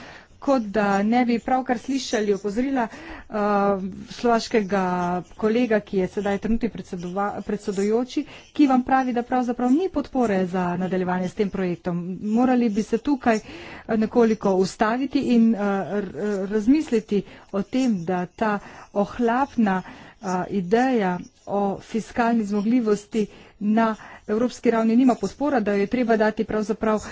Kot da ne bi pravkar slišali opozorila uh, slovaškega kolega, ki je sedaj trenutni predsedujoči, ki vam pravi, da pravzaprav ni podpore za nadaljevanje s tem projektom. Morali bi se tukaj nekoliko ustaviti in uh, razmisliti o tem, da ta ohlapna uh, ideja o fiskalni zmogljivosti na evropski ravni nima podpora, da jo je treba dati pravzaprav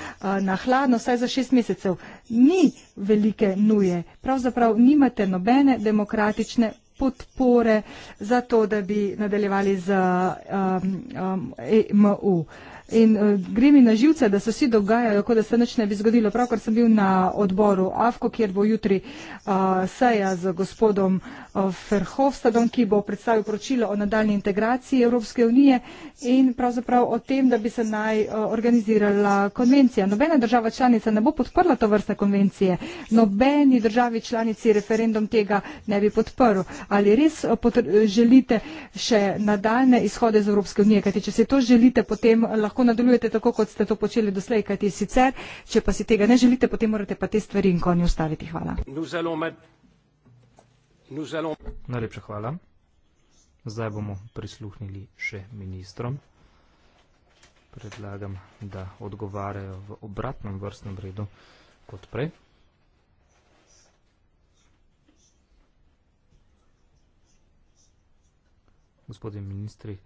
na hladno, saj za šest mesecev. Ni velike nuje, pravzaprav nimate nobene demokratične podpore za to, da bi nadaljevali z um, um, EMU. In uh, gre mi na živce, da se vsi dogajajo, kot da se nič ne bi zgodilo. Pravkar sem bil na odboru AFKO, kjer bo jutri uh, seja z gospodom uh, Ferhofstadom, ki bo predstavil poročilo o nadaljni integraciji Evropske unije in pravzaprav o tem, da bi se naj uh, organizirala konvencija. Nobena država članica ne bo podprla to vrste konvencije. Nobeni državi članici referendum tega ne bi podprl. Ali res uh, želite še nadaljne izhode iz Evropske unije? Kajti, če si to želite, potem lahko lahko nadaljujete tako, kot ste to počeli doslej, kajti sicer, če pa si tega ne želite, potem morate pa te stvari in konju ustaviti. Hvala. Najlepša hvala. Zdaj bomo prisluhnili še ministrom. Predlagam, da odgovarjajo v obratnem vrstnem redu kot prej. Gospodin ministri,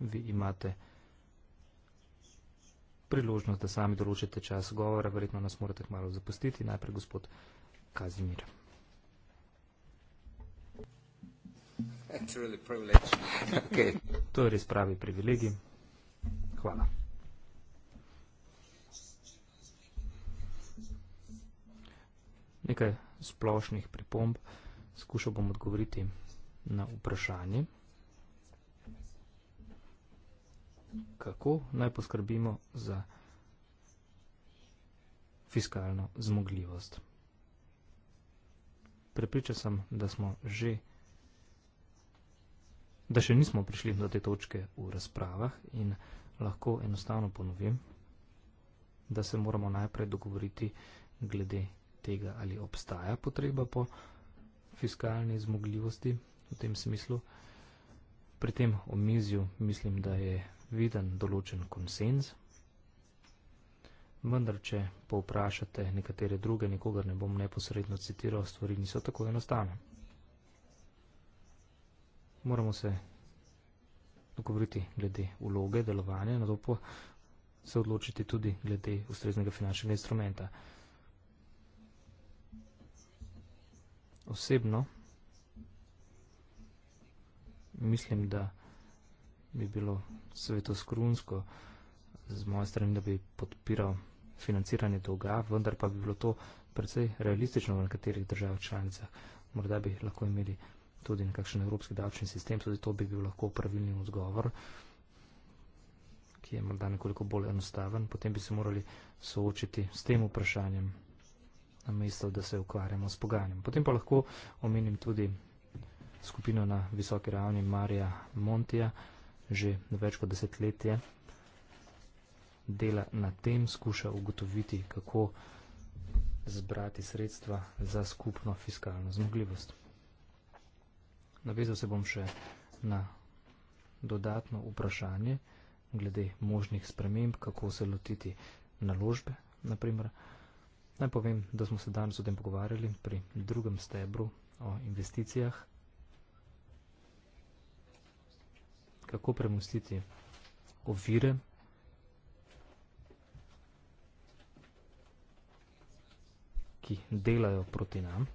vi imate priložnost, da sami določite čas govora. Verjetno nas morate malo zapustiti. Najprej gospod Kazimir. Okay. To je res pravi privilegij. Hvala. Nekaj splošnih pripomb. Skušal bom odgovoriti na vprašanje. kako naj poskrbimo za fiskalno zmogljivost. Prepričan sem, da smo že, da še nismo prišli do te točke v razpravah in lahko enostavno ponovim, da se moramo najprej dogovoriti glede tega, ali obstaja potreba po fiskalni zmogljivosti v tem smislu. Pri tem omizju mislim, da je viden določen konsens. Vendar, če pa vprašate nekatere druge, nikogar ne bom neposredno citiral, stvari niso tako enostavne. Moramo se dogovoriti glede uloge, delovanja, na to pa se odločiti tudi glede ustreznega finančnega instrumenta. Osebno mislim, da bi bilo svetoskrunsko z moje strani, da bi podpiral financiranje dolga, vendar pa bi bilo to predvsej realistično v nekaterih državah članicah. Morda bi lahko imeli tudi nekakšen evropski davčni sistem, tudi to bi bil lahko pravilni odgovor, ki je morda nekoliko bolj enostaven. Potem bi se morali soočiti s tem vprašanjem, namesto da se ukvarjamo s pogajanjem. Potem pa lahko omenim tudi skupino na visoki ravni Marija Montija, že več kot desetletje dela na tem, skuša ugotoviti, kako zbrati sredstva za skupno fiskalno zmogljivost. Navezal se bom še na dodatno vprašanje glede možnih sprememb, kako se lotiti naložbe, naprimer. Naj povem, da smo se danes o tem pogovarjali pri drugem stebru o investicijah. kako premustiti ovire. ki delajo proti nam.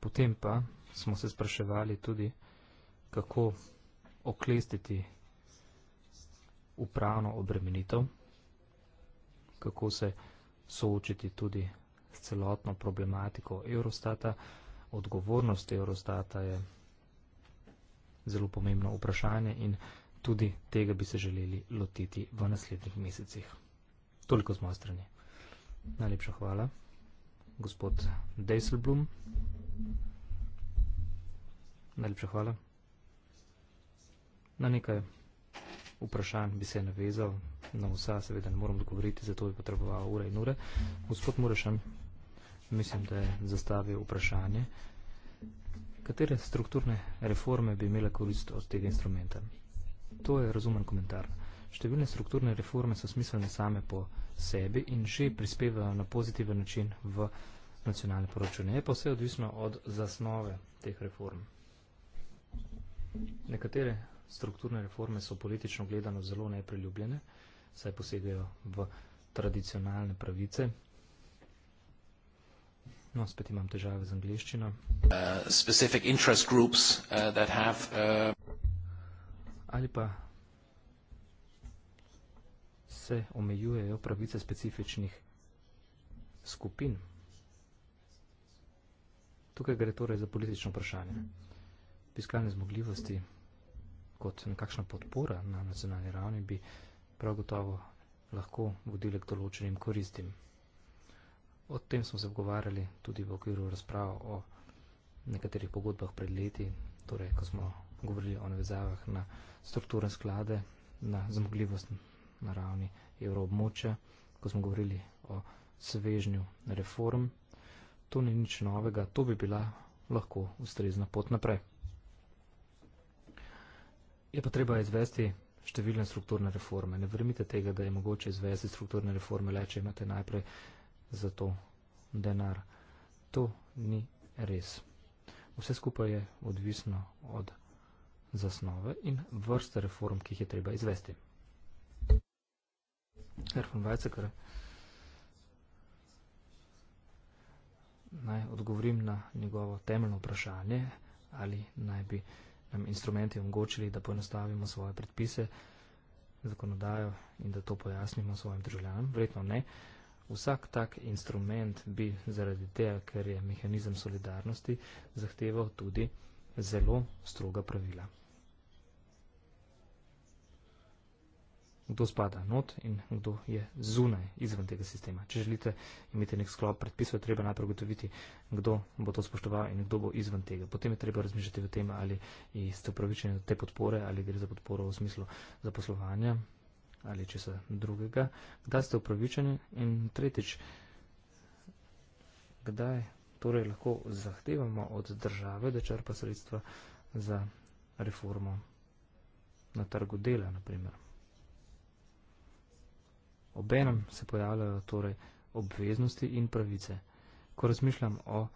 Potem pa smo se spraševali tudi, kako oklestiti upravno obremenitev, kako se soočiti tudi s celotno problematiko Eurostata, odgovornost Eurostata je zelo pomembno vprašanje in tudi tega bi se želeli lotiti v naslednjih mesecih. Toliko z moje strani. Najlepša hvala. Gospod Dejselblum. Najlepša hvala. Na nekaj vprašanj bi se navezal, na vsa seveda ne moram odgovoriti, zato bi potreboval ure in ure. Gospod Murešan mislim, da je zastavil vprašanje, katere strukturne reforme bi imele korist od tega instrumenta. To je razumen komentar. Številne strukturne reforme so smiselne same po sebi in že prispevajo na pozitiven način v nacionalne poročanje. Je pa vse odvisno od zasnove teh reform. Nekatere strukturne reforme so politično gledano zelo nepriljubljene, saj posegajo v tradicionalne pravice, No, spet imam težave z angliščino. Uh, groups, uh, have, uh... Ali pa se omejujejo pravice specifičnih skupin. Tukaj gre torej za politično vprašanje. Fiskalne zmogljivosti kot nekakšna podpora na nacionalni ravni bi prav gotovo lahko vodile k določenim koristim. O tem smo se pogovarjali tudi v okviru razprav o nekaterih pogodbah pred leti, torej ko smo govorili o navezavah na strukturne sklade, na zmogljivost na ravni evroobmoča, ko smo govorili o svežnju reform. To ni nič novega, to bi bila lahko ustrezna pot naprej. Je pa treba izvesti številne strukturne reforme. Ne verjamite tega, da je mogoče izvesti strukturne reforme, le če imate najprej za to denar. To ni res. Vse skupaj je odvisno od zasnove in vrste reform, ki jih je treba izvesti. Erfan Weizsäcker. Naj odgovorim na njegovo temeljno vprašanje, ali naj bi nam instrumenti omogočili, da poenostavimo svoje predpise, zakonodajo in da to pojasnimo svojim državljanom. Verjetno ne. Uh, Vsak tak instrument bi zaradi tega, ker je mehanizem solidarnosti, zahteval tudi zelo stroga pravila. Kdo spada not in kdo je zunaj izven tega sistema. Če želite imeti nek sklop predpisov, je treba najprej gotoviti, kdo bo to spoštoval in kdo bo izven tega. Potem je treba razmišljati o tem, ali ste upravičeni do te podpore, ali gre za podporo v smislu zaposlovanja, ali česa drugega, kdaj ste upravičeni in tretjič, kdaj torej lahko zahtevamo od države, da črpa sredstva za reformo na trgu dela, naprimer. Obenem se pojavljajo torej obveznosti in pravice. Ko razmišljam o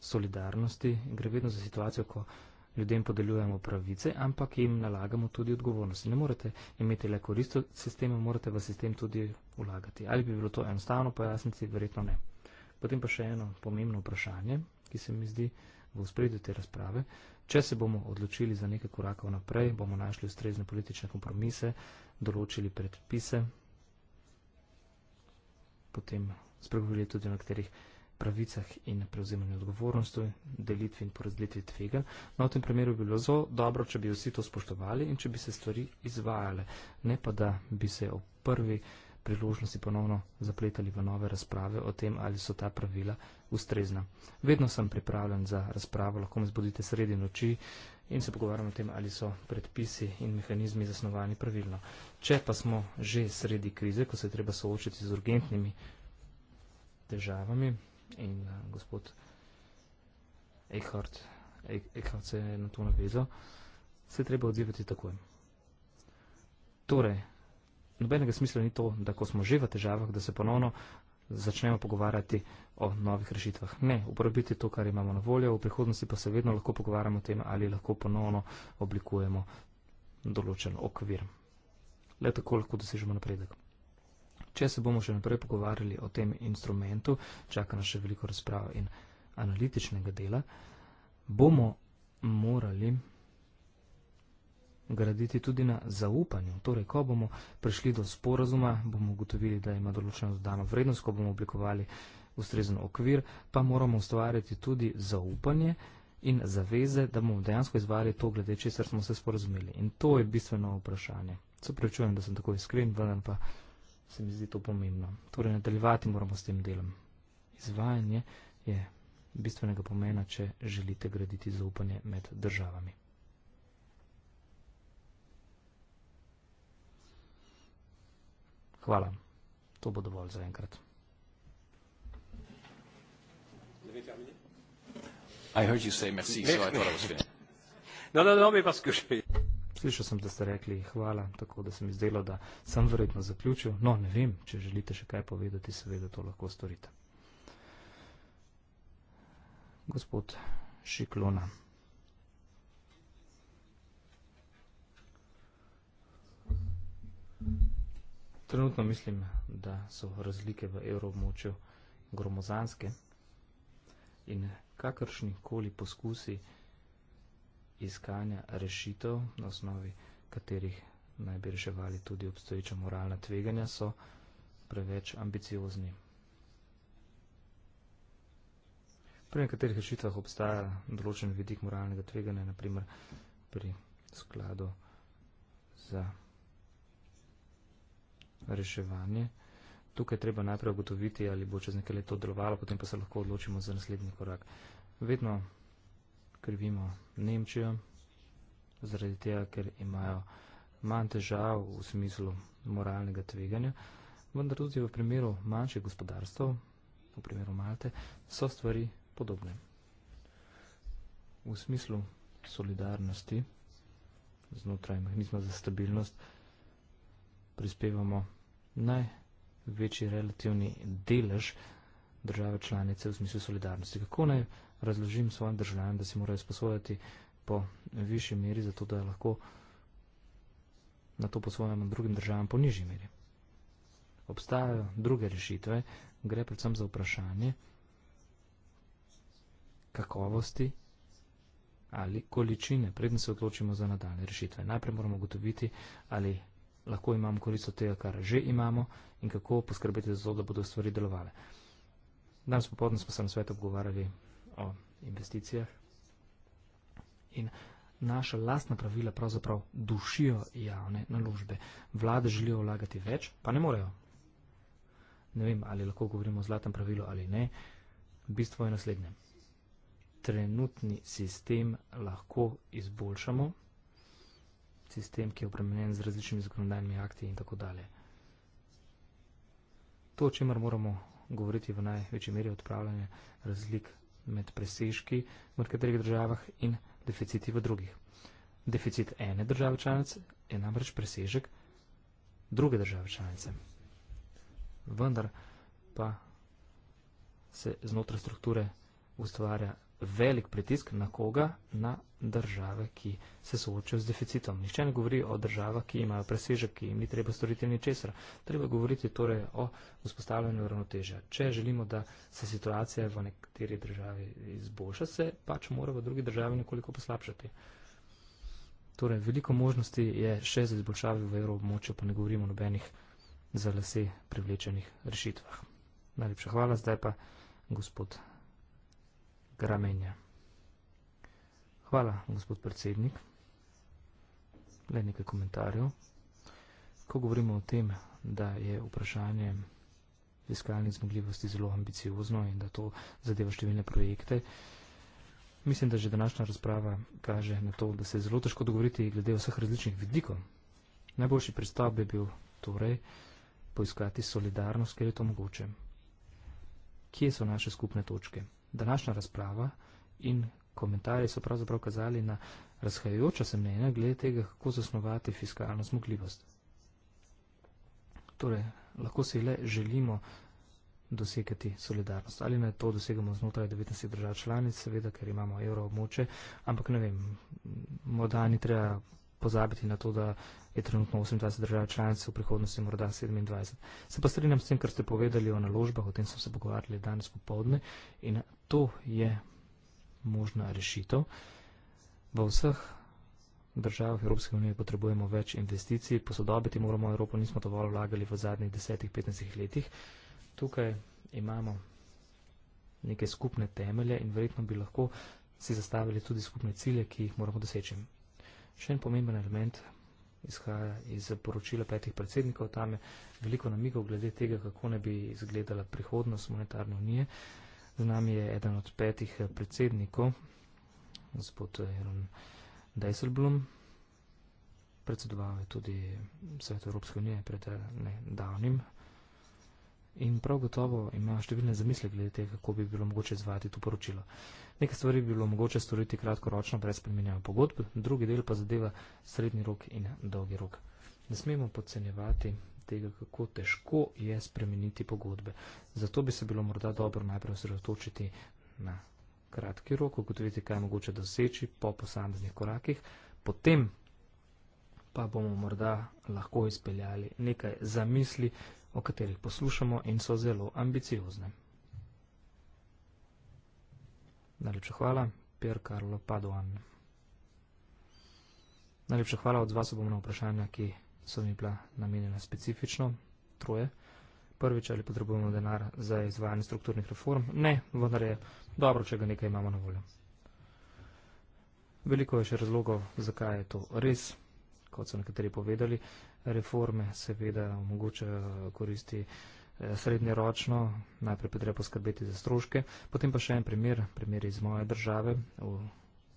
solidarnosti, gre vedno za situacijo, ko ljudem podeljujemo pravice, ampak jim nalagamo tudi odgovornosti. Ne morete imeti le korist od sistema, morate v sistem tudi ulagati. Ali bi bilo to enostavno, pojasniti verjetno ne. Potem pa še eno pomembno vprašanje, ki se mi zdi v spredju te razprave. Če se bomo odločili za nekaj korakov naprej, bomo našli ustrezne politične kompromise, določili predpise, potem spregovorili tudi o nekaterih pravicah in prevzemanju odgovornosti, delitvi in porazdelitvi tvega. No, v tem primeru bi bilo zelo dobro, če bi vsi to spoštovali in če bi se stvari izvajale, ne pa da bi se ob prvi priložnosti ponovno zapletali v nove razprave o tem, ali so ta pravila ustrezna. Vedno sem pripravljen za razpravo, lahko me zbudite sredi noči in se pogovarjamo o tem, ali so predpisi in mehanizmi zasnovani pravilno. Če pa smo že sredi krize, ko se je treba soočiti z urgentnimi težavami, in uh, gospod Eckhart, Eckhart se je na to navezal, se treba odzivati takoj. Torej, nobenega smisla ni to, da ko smo že v težavah, da se ponovno začnemo pogovarjati o novih rešitvah. Ne, uporabiti to, kar imamo na voljo, v prihodnosti pa se vedno lahko pogovarjamo o tem, ali lahko ponovno oblikujemo določen okvir. Le tako lahko dosežemo napredek. Če se bomo še naprej pogovarjali o tem instrumentu, čaka nas še veliko razprav in analitičnega dela, bomo morali graditi tudi na zaupanju. Torej, ko bomo prišli do sporazuma, bomo ugotovili, da ima določeno dodano vrednost, ko bomo oblikovali ustrezen okvir, pa moramo ustvarjati tudi zaupanje in zaveze, da bomo dejansko izvali to, glede česar smo se sporazumeli. In to je bistveno vprašanje. Se prečujem, da sem tako iskren, vendar pa se mi zdi to pomembno. Torej, nadaljevati moramo s tem delom. Izvajanje je bistvenega pomena, če želite graditi zaupanje med državami. Hvala. To bo dovolj za enkrat. I heard you say merci, so I thought I was finished. no, no, no, no me parce que je slišal sem, da ste rekli hvala, tako da se mi zdelo, da sem verjetno zaključil. No, ne vem, če želite še kaj povedati, seveda to lahko storite. Gospod Šiklona. Trenutno mislim, da so razlike v evroobmočju gromozanske in kakršni koli poskusi, iskanja rešitev, na osnovi katerih naj bi reševali tudi obstoječa moralna tveganja, so preveč ambiciozni. Pri nekaterih rešitvah obstaja določen vidik moralnega tveganja, naprimer pri skladu za reševanje. Tukaj treba najprej ugotoviti, ali bo čez nekaj let to delovalo, potem pa se lahko odločimo za naslednji korak. Vedno krivimo Nemčijo, zaradi tega, ker imajo manj težav v smislu moralnega tveganja, vendar tudi v primeru manjših gospodarstv, v primeru Malte, so stvari podobne. V smislu solidarnosti znotraj mehanizma za stabilnost prispevamo največji relativni delež, države članice v smislu solidarnosti. Kako naj razložim svojim državljanom, da si morajo sposojati po višji meri, zato da lahko na to posvojam drugim državam po nižji meri. Obstajajo druge rešitve, gre predvsem za vprašanje kakovosti ali količine, predn se odločimo za nadaljne rešitve. Najprej moramo ugotoviti, ali lahko imamo koristo tega, kar že imamo in kako poskrbeti za to, da bodo stvari delovale. Danes popoldne smo se na svetu pogovarjali o investicijah in naša lastna pravila pravzaprav dušijo javne naložbe. Vlade želijo vlagati več, pa ne morejo. Ne vem, ali lahko govorimo o zlatem pravilu ali ne. Bistvo je naslednje. Trenutni sistem lahko izboljšamo, sistem, ki je obremenjen z različnimi zakonodajnimi akti in tako dalje. To, o čemer moramo govoriti v največji meri odpravljanje razlik med presežki v nekaterih državah in deficiti v drugih. Deficit ene države članice je namreč presežek druge države članice. Vendar pa se znotraj strukture ustvarja velik pritisk na koga? Na države, ki se soočajo z deficitom. Nihče ne govori o državah, ki imajo presežek, ki jim ni treba storiti ničesar. Treba govoriti torej o vzpostavljanju ravnotežja. Če želimo, da se situacija v nekateri državi izboljša, se pač mora v drugi državi nekoliko poslabšati. Torej, veliko možnosti je še za izboljšave v evroobmočju, pa ne govorimo o nobenih za lase privlečenih rešitvah. Najlepša hvala, zdaj pa gospod gramenja. Hvala, gospod predsednik. Le nekaj komentarjev. Ko govorimo o tem, da je vprašanje fiskalnih zmogljivosti zelo ambiciozno in da to zadeva številne projekte, mislim, da že današnja razprava kaže na to, da se je zelo težko dogovoriti glede vseh različnih vidikov. Najboljši pristop bi bil torej poiskati solidarnost, ker je to mogoče. Kje so naše skupne točke? današnja razprava in komentarji so pravzaprav kazali na razhajajoča se mnenja glede tega, kako zasnovati fiskalno zmogljivost. Torej, lahko si le želimo dosekati solidarnost. Ali naj to dosegamo znotraj 19 držav članic, seveda, ker imamo evro območje, ampak ne vem, morda ni treba pozabiti na to, da je trenutno 28 držav članic, v prihodnosti morda 27. Se pa strinjam s tem, kar ste povedali o naložbah, o tem smo se pogovarjali danes popovdne in to je možna rešitev. V vseh državah Evropske unije potrebujemo več investicij, posodobiti moramo Evropo, nismo dovolj vlagali v zadnjih 10-15 letih. Tukaj imamo neke skupne temelje in verjetno bi lahko si zastavili tudi skupne cilje, ki jih moramo doseči. Še en pomemben element izhaja iz poročila petih predsednikov, tam je veliko namigov glede tega, kako ne bi izgledala prihodnost monetarne unije. Z nami je eden od petih eh, predsednikov, gospod eh, Jaron Dejselblom. Predsedoval je tudi Svet Evropske unije pred eh, nedavnim. In prav gotovo ima številne zamisle glede tega, kako bi bilo mogoče izvajati to poročilo. Nekaj stvari bi bilo mogoče storiti kratkoročno brez spremenjanja pogodb, drugi del pa zadeva srednji rok in dolgi rok. Ne smemo podcenjevati tega, kako težko je spremeniti pogodbe. Zato bi se bilo morda dobro najprej osredotočiti na kratki rok, ugotoviti, kaj je mogoče doseči po posameznih korakih, potem pa bomo morda lahko izpeljali nekaj zamisli, o katerih poslušamo in so zelo ambiciozne. Najlepša hvala, Pier Carlo Padoan. Najlepša hvala, odzval se bom na vprašanja, ki so mi bila namenjena specifično, troje. Prvič, ali potrebujemo denar za izvajanje strukturnih reform? Ne, vendar je dobro, če ga nekaj imamo na voljo. Veliko je še razlogov, zakaj je to res, kot so nekateri povedali. Reforme seveda omogočajo koristi eh, srednjeročno, najprej potrebno poskrbeti za stroške, potem pa še en primer, primer iz moje države, v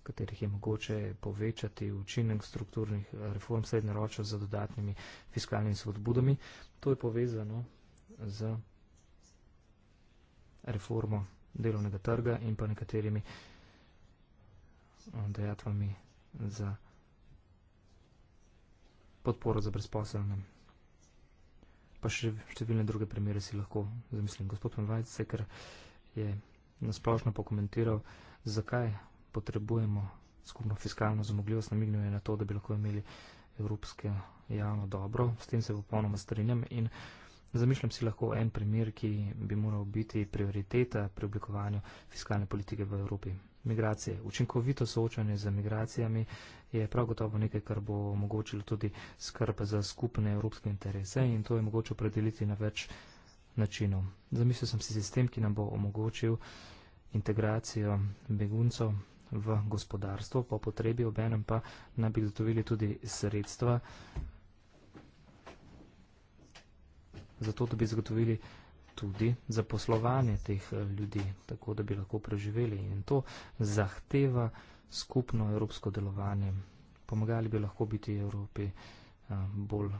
katerih je mogoče povečati učinek strukturnih reform srednjeročno z dodatnimi fiskalnimi spodbudami. To je povezano z reformo delovnega trga in pa nekaterimi eh, dejatvami za podporo za brezposelne. Pa še številne druge primere si lahko zamislim. Gospod Mlajc, ker je nasplošno pokomentiral, zakaj potrebujemo skupno fiskalno zmogljivost, namignjeno je na to, da bi lahko imeli evropske javno dobro. S tem se popolnoma strinjam in zamišljam si lahko en primer, ki bi moral biti prioriteta pri oblikovanju fiskalne politike v Evropi. Migracije. Učinkovito soočanje z migracijami je prav gotovo nekaj, kar bo omogočilo tudi skrb za skupne evropske interese in to je mogoče opredeliti na več načinov. Zamislil sem si sistem, ki nam bo omogočil integracijo beguncov v gospodarstvo, po potrebi obenem pa naj bi zatovili tudi sredstva, zato da bi zagotovili tudi zaposlovanje teh eh, ljudi, tako da bi lahko preživeli in to zahteva skupno evropsko delovanje. Pomagali bi lahko biti Evropi eh, bolj,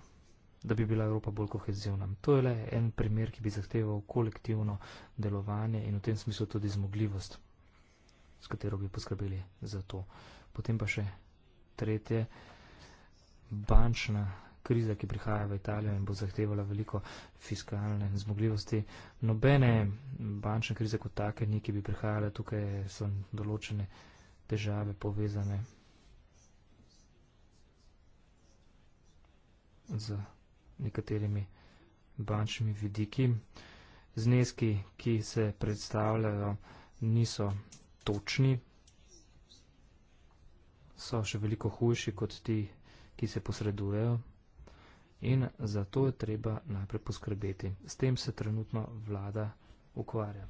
da bi bila Evropa bolj kohezivna. To je le en primer, ki bi zahteval kolektivno delovanje in v tem smislu tudi zmogljivost s katero bi poskrbeli za to. Potem pa še tretje, bančna kriza, ki prihaja v Italijo in bo zahtevala veliko fiskalne zmogljivosti. Nobene bančne krize kot take ni, ki bi prihajale, tukaj so določene težave povezane z nekaterimi bančnimi vidiki. Zneski, ki se predstavljajo, niso točni, so še veliko hujši kot ti, ki se posredujejo in zato je treba najprej poskrbeti. S tem se trenutno vlada ukvarja.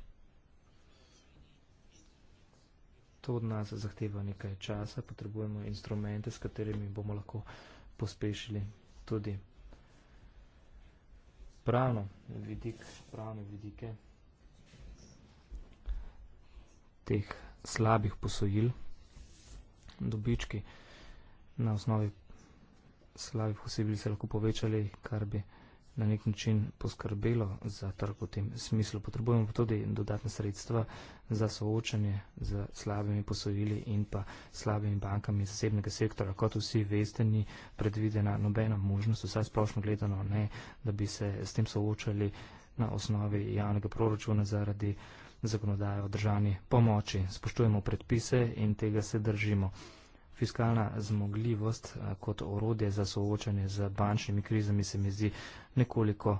To od nas zahteva nekaj časa, potrebujemo instrumente, s katerimi bomo lahko pospešili tudi pravno vidik, pravne vidike teh slabih posojil, dobički na osnovi slabih posojil se lahko povečali, kar bi na nek način poskrbelo za trg v tem smislu. Potrebujemo pa tudi dodatne sredstva za soočanje z slabimi posojili in pa slabimi bankami zasebnega sektora. Kot vsi veste, ni predvidena nobena možnost, vsaj splošno gledano ne, da bi se s tem soočali na osnovi javnega proračuna zaradi uh, zakonodajo, državni pomoči. Spoštujemo predpise in tega se držimo. Fiskalna zmogljivost eh, kot orodje za soočanje z bančnimi krizami se mi zdi nekoliko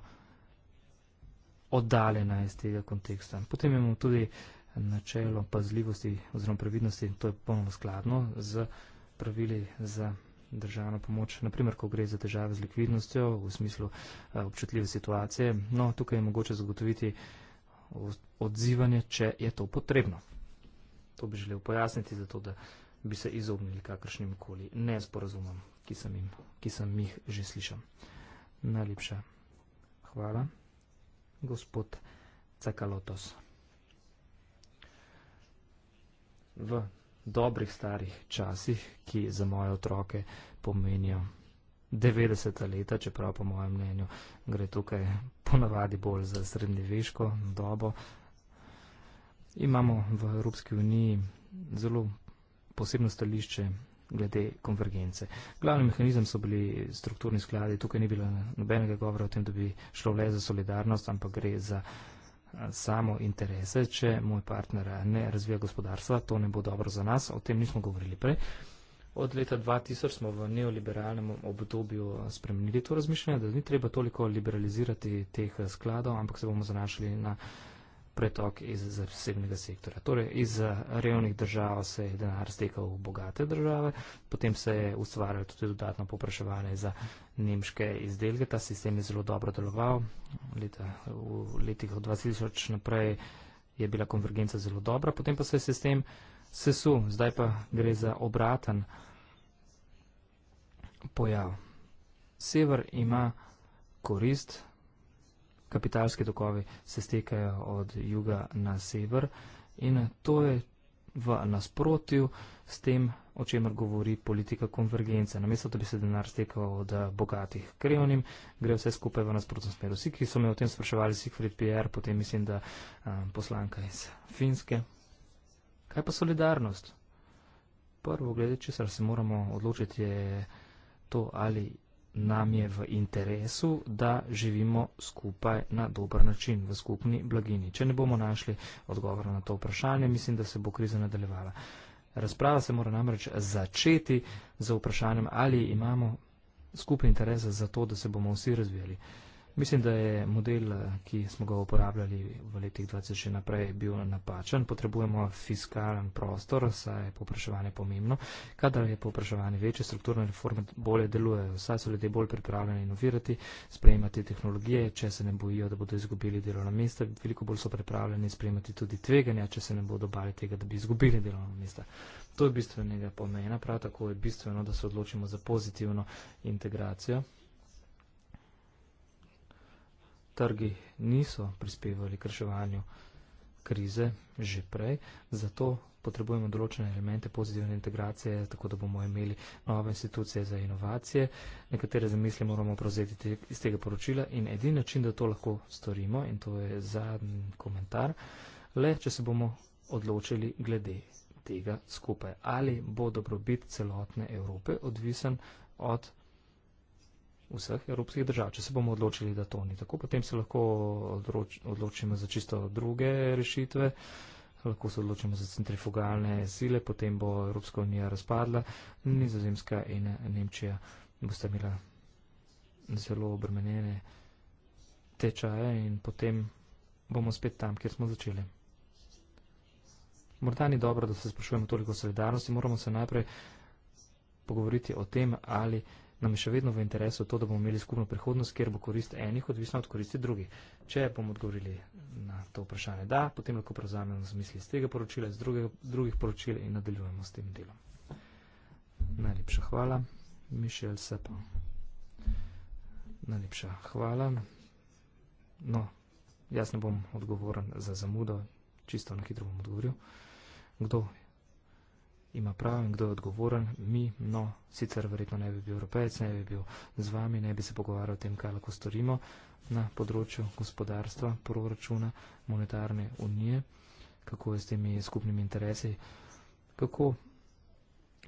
oddaljena iz tega konteksta. Potem imamo tudi načelo pazljivosti oziroma previdnosti, to je ponovno skladno z pravili za državno pomoč, naprimer, ko gre za težave z likvidnostjo v smislu eh, občutljive situacije. No, tukaj je mogoče zagotoviti odzivanje, če je to potrebno. To bi želel pojasniti, zato da bi se izognili kakršnim koli nesporazumom, ki sem, jim, ki sem jih že slišal. Najlepša hvala, gospod Cakalotos. V dobrih starih časih, ki za moje otroke pomenijo 90-ta leta, čeprav po mojem mnenju gre tukaj ponavadi bolj za srednjeveško dobo. Imamo v Evropski uniji zelo posebno stališče glede konvergence. Glavni mehanizem so bili strukturni skladi, tukaj ni bilo nobenega govora o tem, da bi šlo le za solidarnost, ampak gre za samo interese, če moj partner ne razvija gospodarstva, to ne bo dobro za nas, o tem nismo govorili prej od leta 2000 smo v neoliberalnem obdobju spremenili to razmišljanje, da ni treba toliko liberalizirati teh eh, skladov, ampak se bomo zanašali na pretok iz zasebnega sektorja. Torej, iz eh, revnih držav se je denar stekal v bogate države, potem se je ustvarjalo tudi dodatno popraševanje za nemške izdelke. Ta sistem je zelo dobro deloval. Leta, v letih od 2000 naprej je bila konvergenca zelo dobra, potem pa se je sistem sesul. Zdaj pa gre za obraten uh, pojav. Sever ima korist, kapitalske tokovi se stekajo od juga na sever in to je v nasprotju s tem, o čemer govori politika konvergence. Namesto, da bi se denar stekal od bogatih krevnim, gre vse skupaj v nasprotno smer. Vsi, ki so me o tem spraševali, Sigfrid Pierre, potem mislim, da um, poslanka iz Finske. Kaj pa solidarnost? Prvo, glede česar se moramo odločiti, je to, ali nam je v interesu, da živimo skupaj na dober način, v skupni blagini. Če ne bomo našli odgovora na to vprašanje, mislim, da se bo kriza nadaljevala. Razprava se mora namreč začeti z vprašanjem, ali imamo skupni interes za to, da se bomo vsi razvijali. Mislim, da je model, ki smo ga uporabljali v letih 20 še naprej, bil napačen. Potrebujemo fiskalen prostor, saj je popraševanje pomembno. Kadar je popraševanje večje, strukturne reforme bolje delujejo. Saj so ljudje bolj pripravljeni inovirati, sprejemati tehnologije, če se ne bojijo, da bodo izgubili delovna mesta. Veliko bolj so pripravljeni sprejemati tudi tveganja, če se ne bodo bali tega, da bi izgubili delovna mesta. To je bistvenega pomena. Prav tako je bistveno, da se odločimo za pozitivno integracijo trgi niso prispevali k reševanju krize že prej, zato potrebujemo določene elemente pozitivne integracije, tako da bomo imeli nove institucije za inovacije. Nekatere zamisli moramo prevzeti te, iz tega poročila in edini način, da to lahko storimo, in to je zadnji komentar, le če se bomo odločili glede tega skupaj. Ali bo dobrobit celotne Evrope odvisen od vseh evropskih držav. Če se bomo odločili, da to ni tako, potem se lahko odločimo za čisto druge rešitve, lahko se odločimo za centrifugalne sile, potem bo Evropska unija razpadla, Nizozemska in Nemčija bosta imela zelo obremenjene tečaje in potem bomo spet tam, kjer smo začeli. Morda ni dobro, da se sprašujemo toliko solidarnosti, moramo se najprej pogovoriti o tem, ali nam je še vedno v interesu to, da bomo imeli skupno prihodnost, kjer bo korist enih odvisna od koristi drugih. Če bomo odgovorili na to vprašanje da, potem lahko prevzamemo z misli iz tega poročila, iz drugega, drugih poročil in nadaljujemo s tem delom. Najlepša hvala. Mišel Sepa. Najlepša hvala. No, jaz ne bom odgovoren za zamudo, čisto na hitro bom odgovoril. Kdo ima prav in kdo je odgovoren, mi, no, sicer verjetno ne bi bil evropejec, ne bi bil z vami, ne bi se pogovarjal o tem, kaj lahko storimo na področju gospodarstva, proračuna, monetarne unije, kako je s temi skupnimi interesi, kako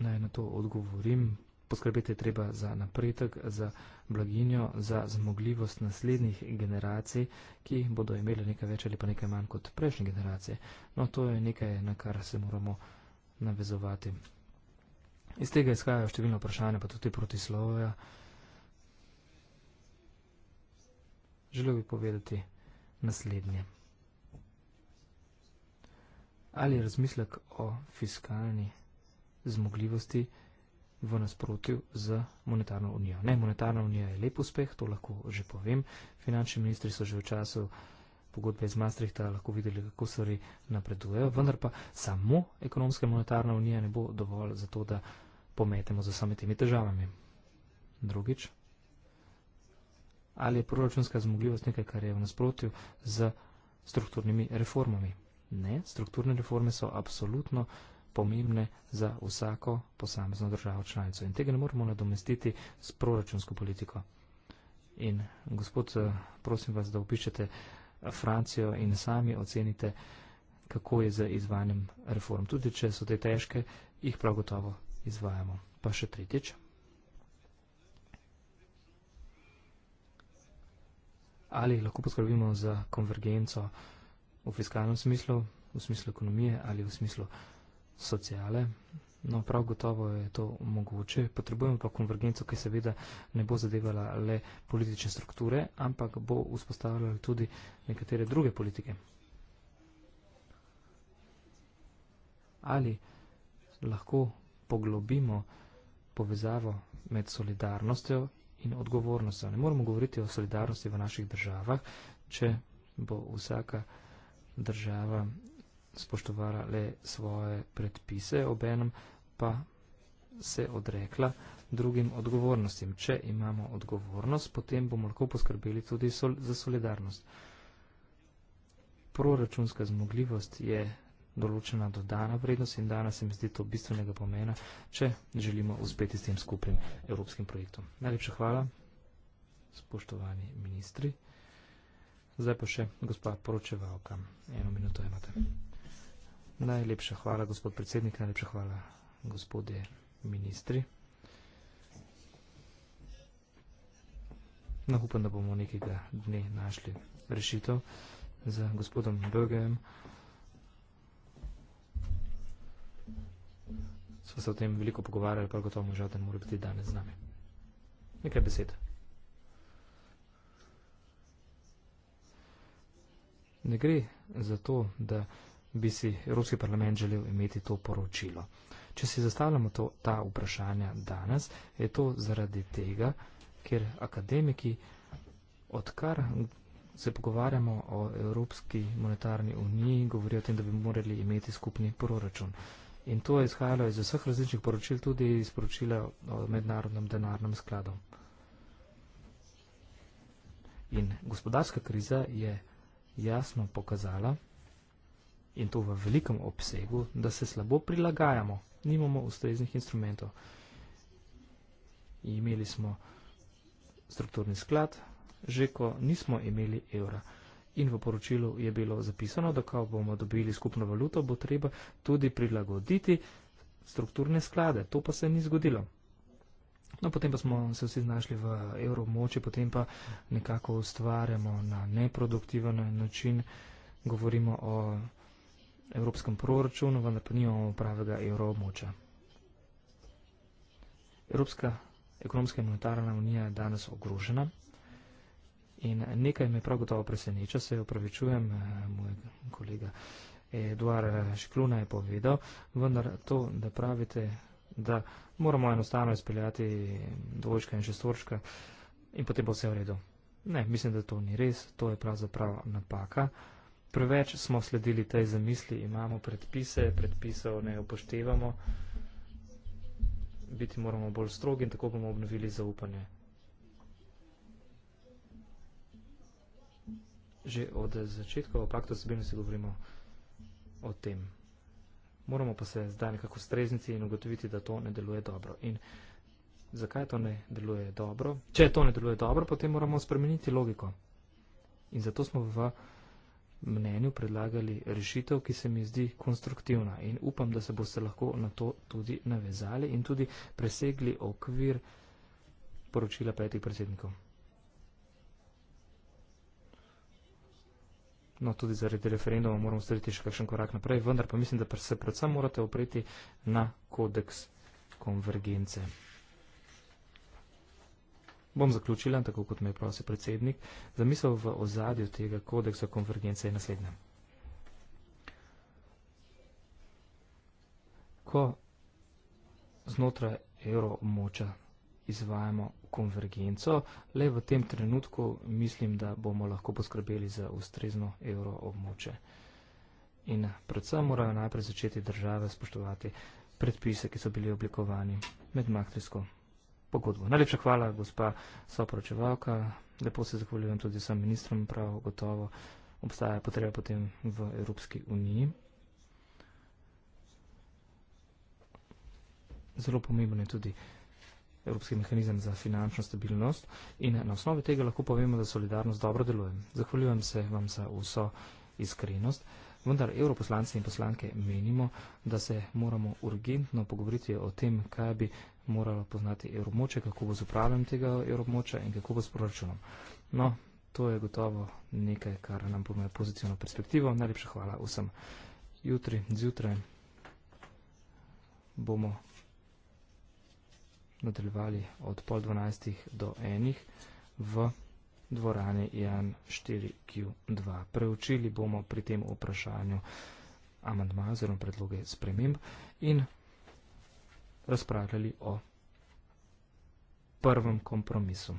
naj na to odgovorim. Poskrbeti je treba za napredek, za blaginjo, za zmogljivost naslednjih generacij, ki bodo imeli nekaj več ali pa nekaj manj kot prejšnje generacije. No, to je nekaj, na kar se moramo odgovoriti navezovati. Iz tega izhajajo številne vprašanja, pa tudi protislovja. Želel bi povedati naslednje. Ali je razmislek o fiskalni zmogljivosti v nasprotju z monetarno unijo? Ne, monetarna unija je lep uspeh, to lahko že povem. Finančni ministri so že v času uh, pogodbe iz Maastrichta lahko videli, kako stvari napredujejo, vendar pa samo ekonomska in monetarna unija ne bo dovolj za to, da pometemo za sami temi težavami. Drugič, ali je proračunska zmogljivost nekaj, kar je v nasprotju z strukturnimi reformami? Ne, strukturne reforme so apsolutno pomembne za vsako posamezno državo članico in tega ne moramo nadomestiti s proračunsko politiko. In gospod, eh, prosim vas, da upišete uh, Francijo in sami ocenite, kako je z izvajanjem reform. Tudi če so te težke, jih prav gotovo izvajamo. Pa še tretjič. Ali lahko poskrbimo za konvergenco v fiskalnem smislu, v smislu ekonomije ali v smislu sociale, No, prav gotovo je to mogoče. Potrebujemo pa konvergenco, ki seveda ne bo zadevala le politične strukture, ampak bo vzpostavljala tudi nekatere druge politike. Ali lahko poglobimo povezavo med solidarnostjo in odgovornostjo? Ne moremo govoriti o solidarnosti v naših državah, če bo vsaka država spoštovala le svoje predpise, obenem pa se odrekla drugim odgovornostim. Če imamo odgovornost, potem bomo lahko poskrbeli tudi sol za solidarnost. Proračunska zmogljivost je določena dodana vrednost in danes se mi zdi to bistvenega pomena, če želimo uspeti s tem skupnim evropskim projektom. Najlepša hvala, spoštovani ministri. Zdaj pa še gospa poročevalka. Eno minuto imate. Mm. Najlepša hvala, gospod predsednik, najlepša hvala, gospode ministri. No, upam, da bomo nekega dne našli rešitev z gospodom Bögem. Sva se o tem veliko pogovarjali, prav gotovo mu žal, da ne more biti danes z nami. Nekaj besed. Ne gre za to, da bi si Evropski parlament želel imeti to poročilo. Če si zastavljamo to, ta vprašanja danes, je to zaradi tega, ker akademiki, odkar se pogovarjamo o Evropski monetarni uniji, govorijo o tem, da bi morali imeti skupni proračun. In to je izhajalo iz vseh različnih poročil, tudi iz poročila o mednarodnem denarnem skladu. In gospodarska kriza je jasno pokazala, in to v velikem obsegu, da se slabo prilagajamo, nimamo ustreznih instrumentov. Imeli smo strukturni sklad, že ko nismo imeli evra. In v poročilu je bilo zapisano, da ko bomo dobili skupno valuto, bo treba tudi prilagoditi strukturne sklade. To pa se ni zgodilo. No, potem pa smo se vsi znašli v evromoči, potem pa nekako ustvarjamo na neproduktiven način, govorimo o evropskem proračunu, vendar pa nimamo pravega evro območja. Evropska ekonomska in monetarna unija je danes ogrožena in nekaj me prav gotovo preseneča, se jo pravičujem, eh, moj kolega Eduard eh, Škluna je povedal, vendar to, da pravite, da moramo enostavno izpeljati dvojčka in šestorčka in potem bo vse v redu. Ne, mislim, da to ni res, to je pravzaprav napaka preveč smo sledili tej zamisli, imamo predpise, predpisov ne upoštevamo, biti moramo bolj strogi in tako bomo obnovili zaupanje. Že od začetka v paktu sebim si govorimo o tem. Moramo pa se zdaj nekako strezniti in ugotoviti, da to ne deluje dobro. In zakaj to ne deluje dobro? Če to ne deluje dobro, potem moramo spremeniti logiko. In zato smo v mnenju predlagali rešitev, ki se mi zdi konstruktivna in upam, da se boste lahko na to tudi navezali in tudi presegli okvir poročila petih predsednikov. No, tudi zaradi referenduma moramo storiti še kakšen korak naprej, vendar pa mislim, da se predvsem morate opreti na kodeks konvergence. Bom zaključila, tako kot me je prosil predsednik, zamisel v ozadju tega kodeksa konvergence je naslednja. Ko znotraj evromoča izvajamo konvergenco, le v tem trenutku mislim, da bomo lahko poskrbeli za ustrezno evroobmoče. In predvsem morajo najprej začeti države spoštovati predpise, ki so bili oblikovani med Maktrisko pogodbo. Najlepša hvala, gospa soporočevalka. Lepo se zahvaljujem tudi vsem ministrom, prav gotovo obstaja potreba potem v Evropski uniji. Zelo pomembno je tudi Evropski mehanizem za finančno stabilnost in na osnovi tega lahko povemo, da solidarnost dobro deluje. Zahvaljujem se vam za vso iskrenost, vendar evroposlanci in poslanke menimo, da se moramo urgentno pogovoriti o tem, kaj bi morala poznati evromoče, kako bo z upravljanjem tega evromoče in kako bo s proračunom. No, to je gotovo nekaj, kar nam pomeni pozitivno perspektivo. Najlepša hvala vsem. Jutri, zjutraj bomo nadaljevali od pol dvanajstih do enih v dvorani Jan 4Q2. Preučili bomo pri tem vprašanju amandma oziroma predloge sprememb in razpravljali o prvem kompromisu.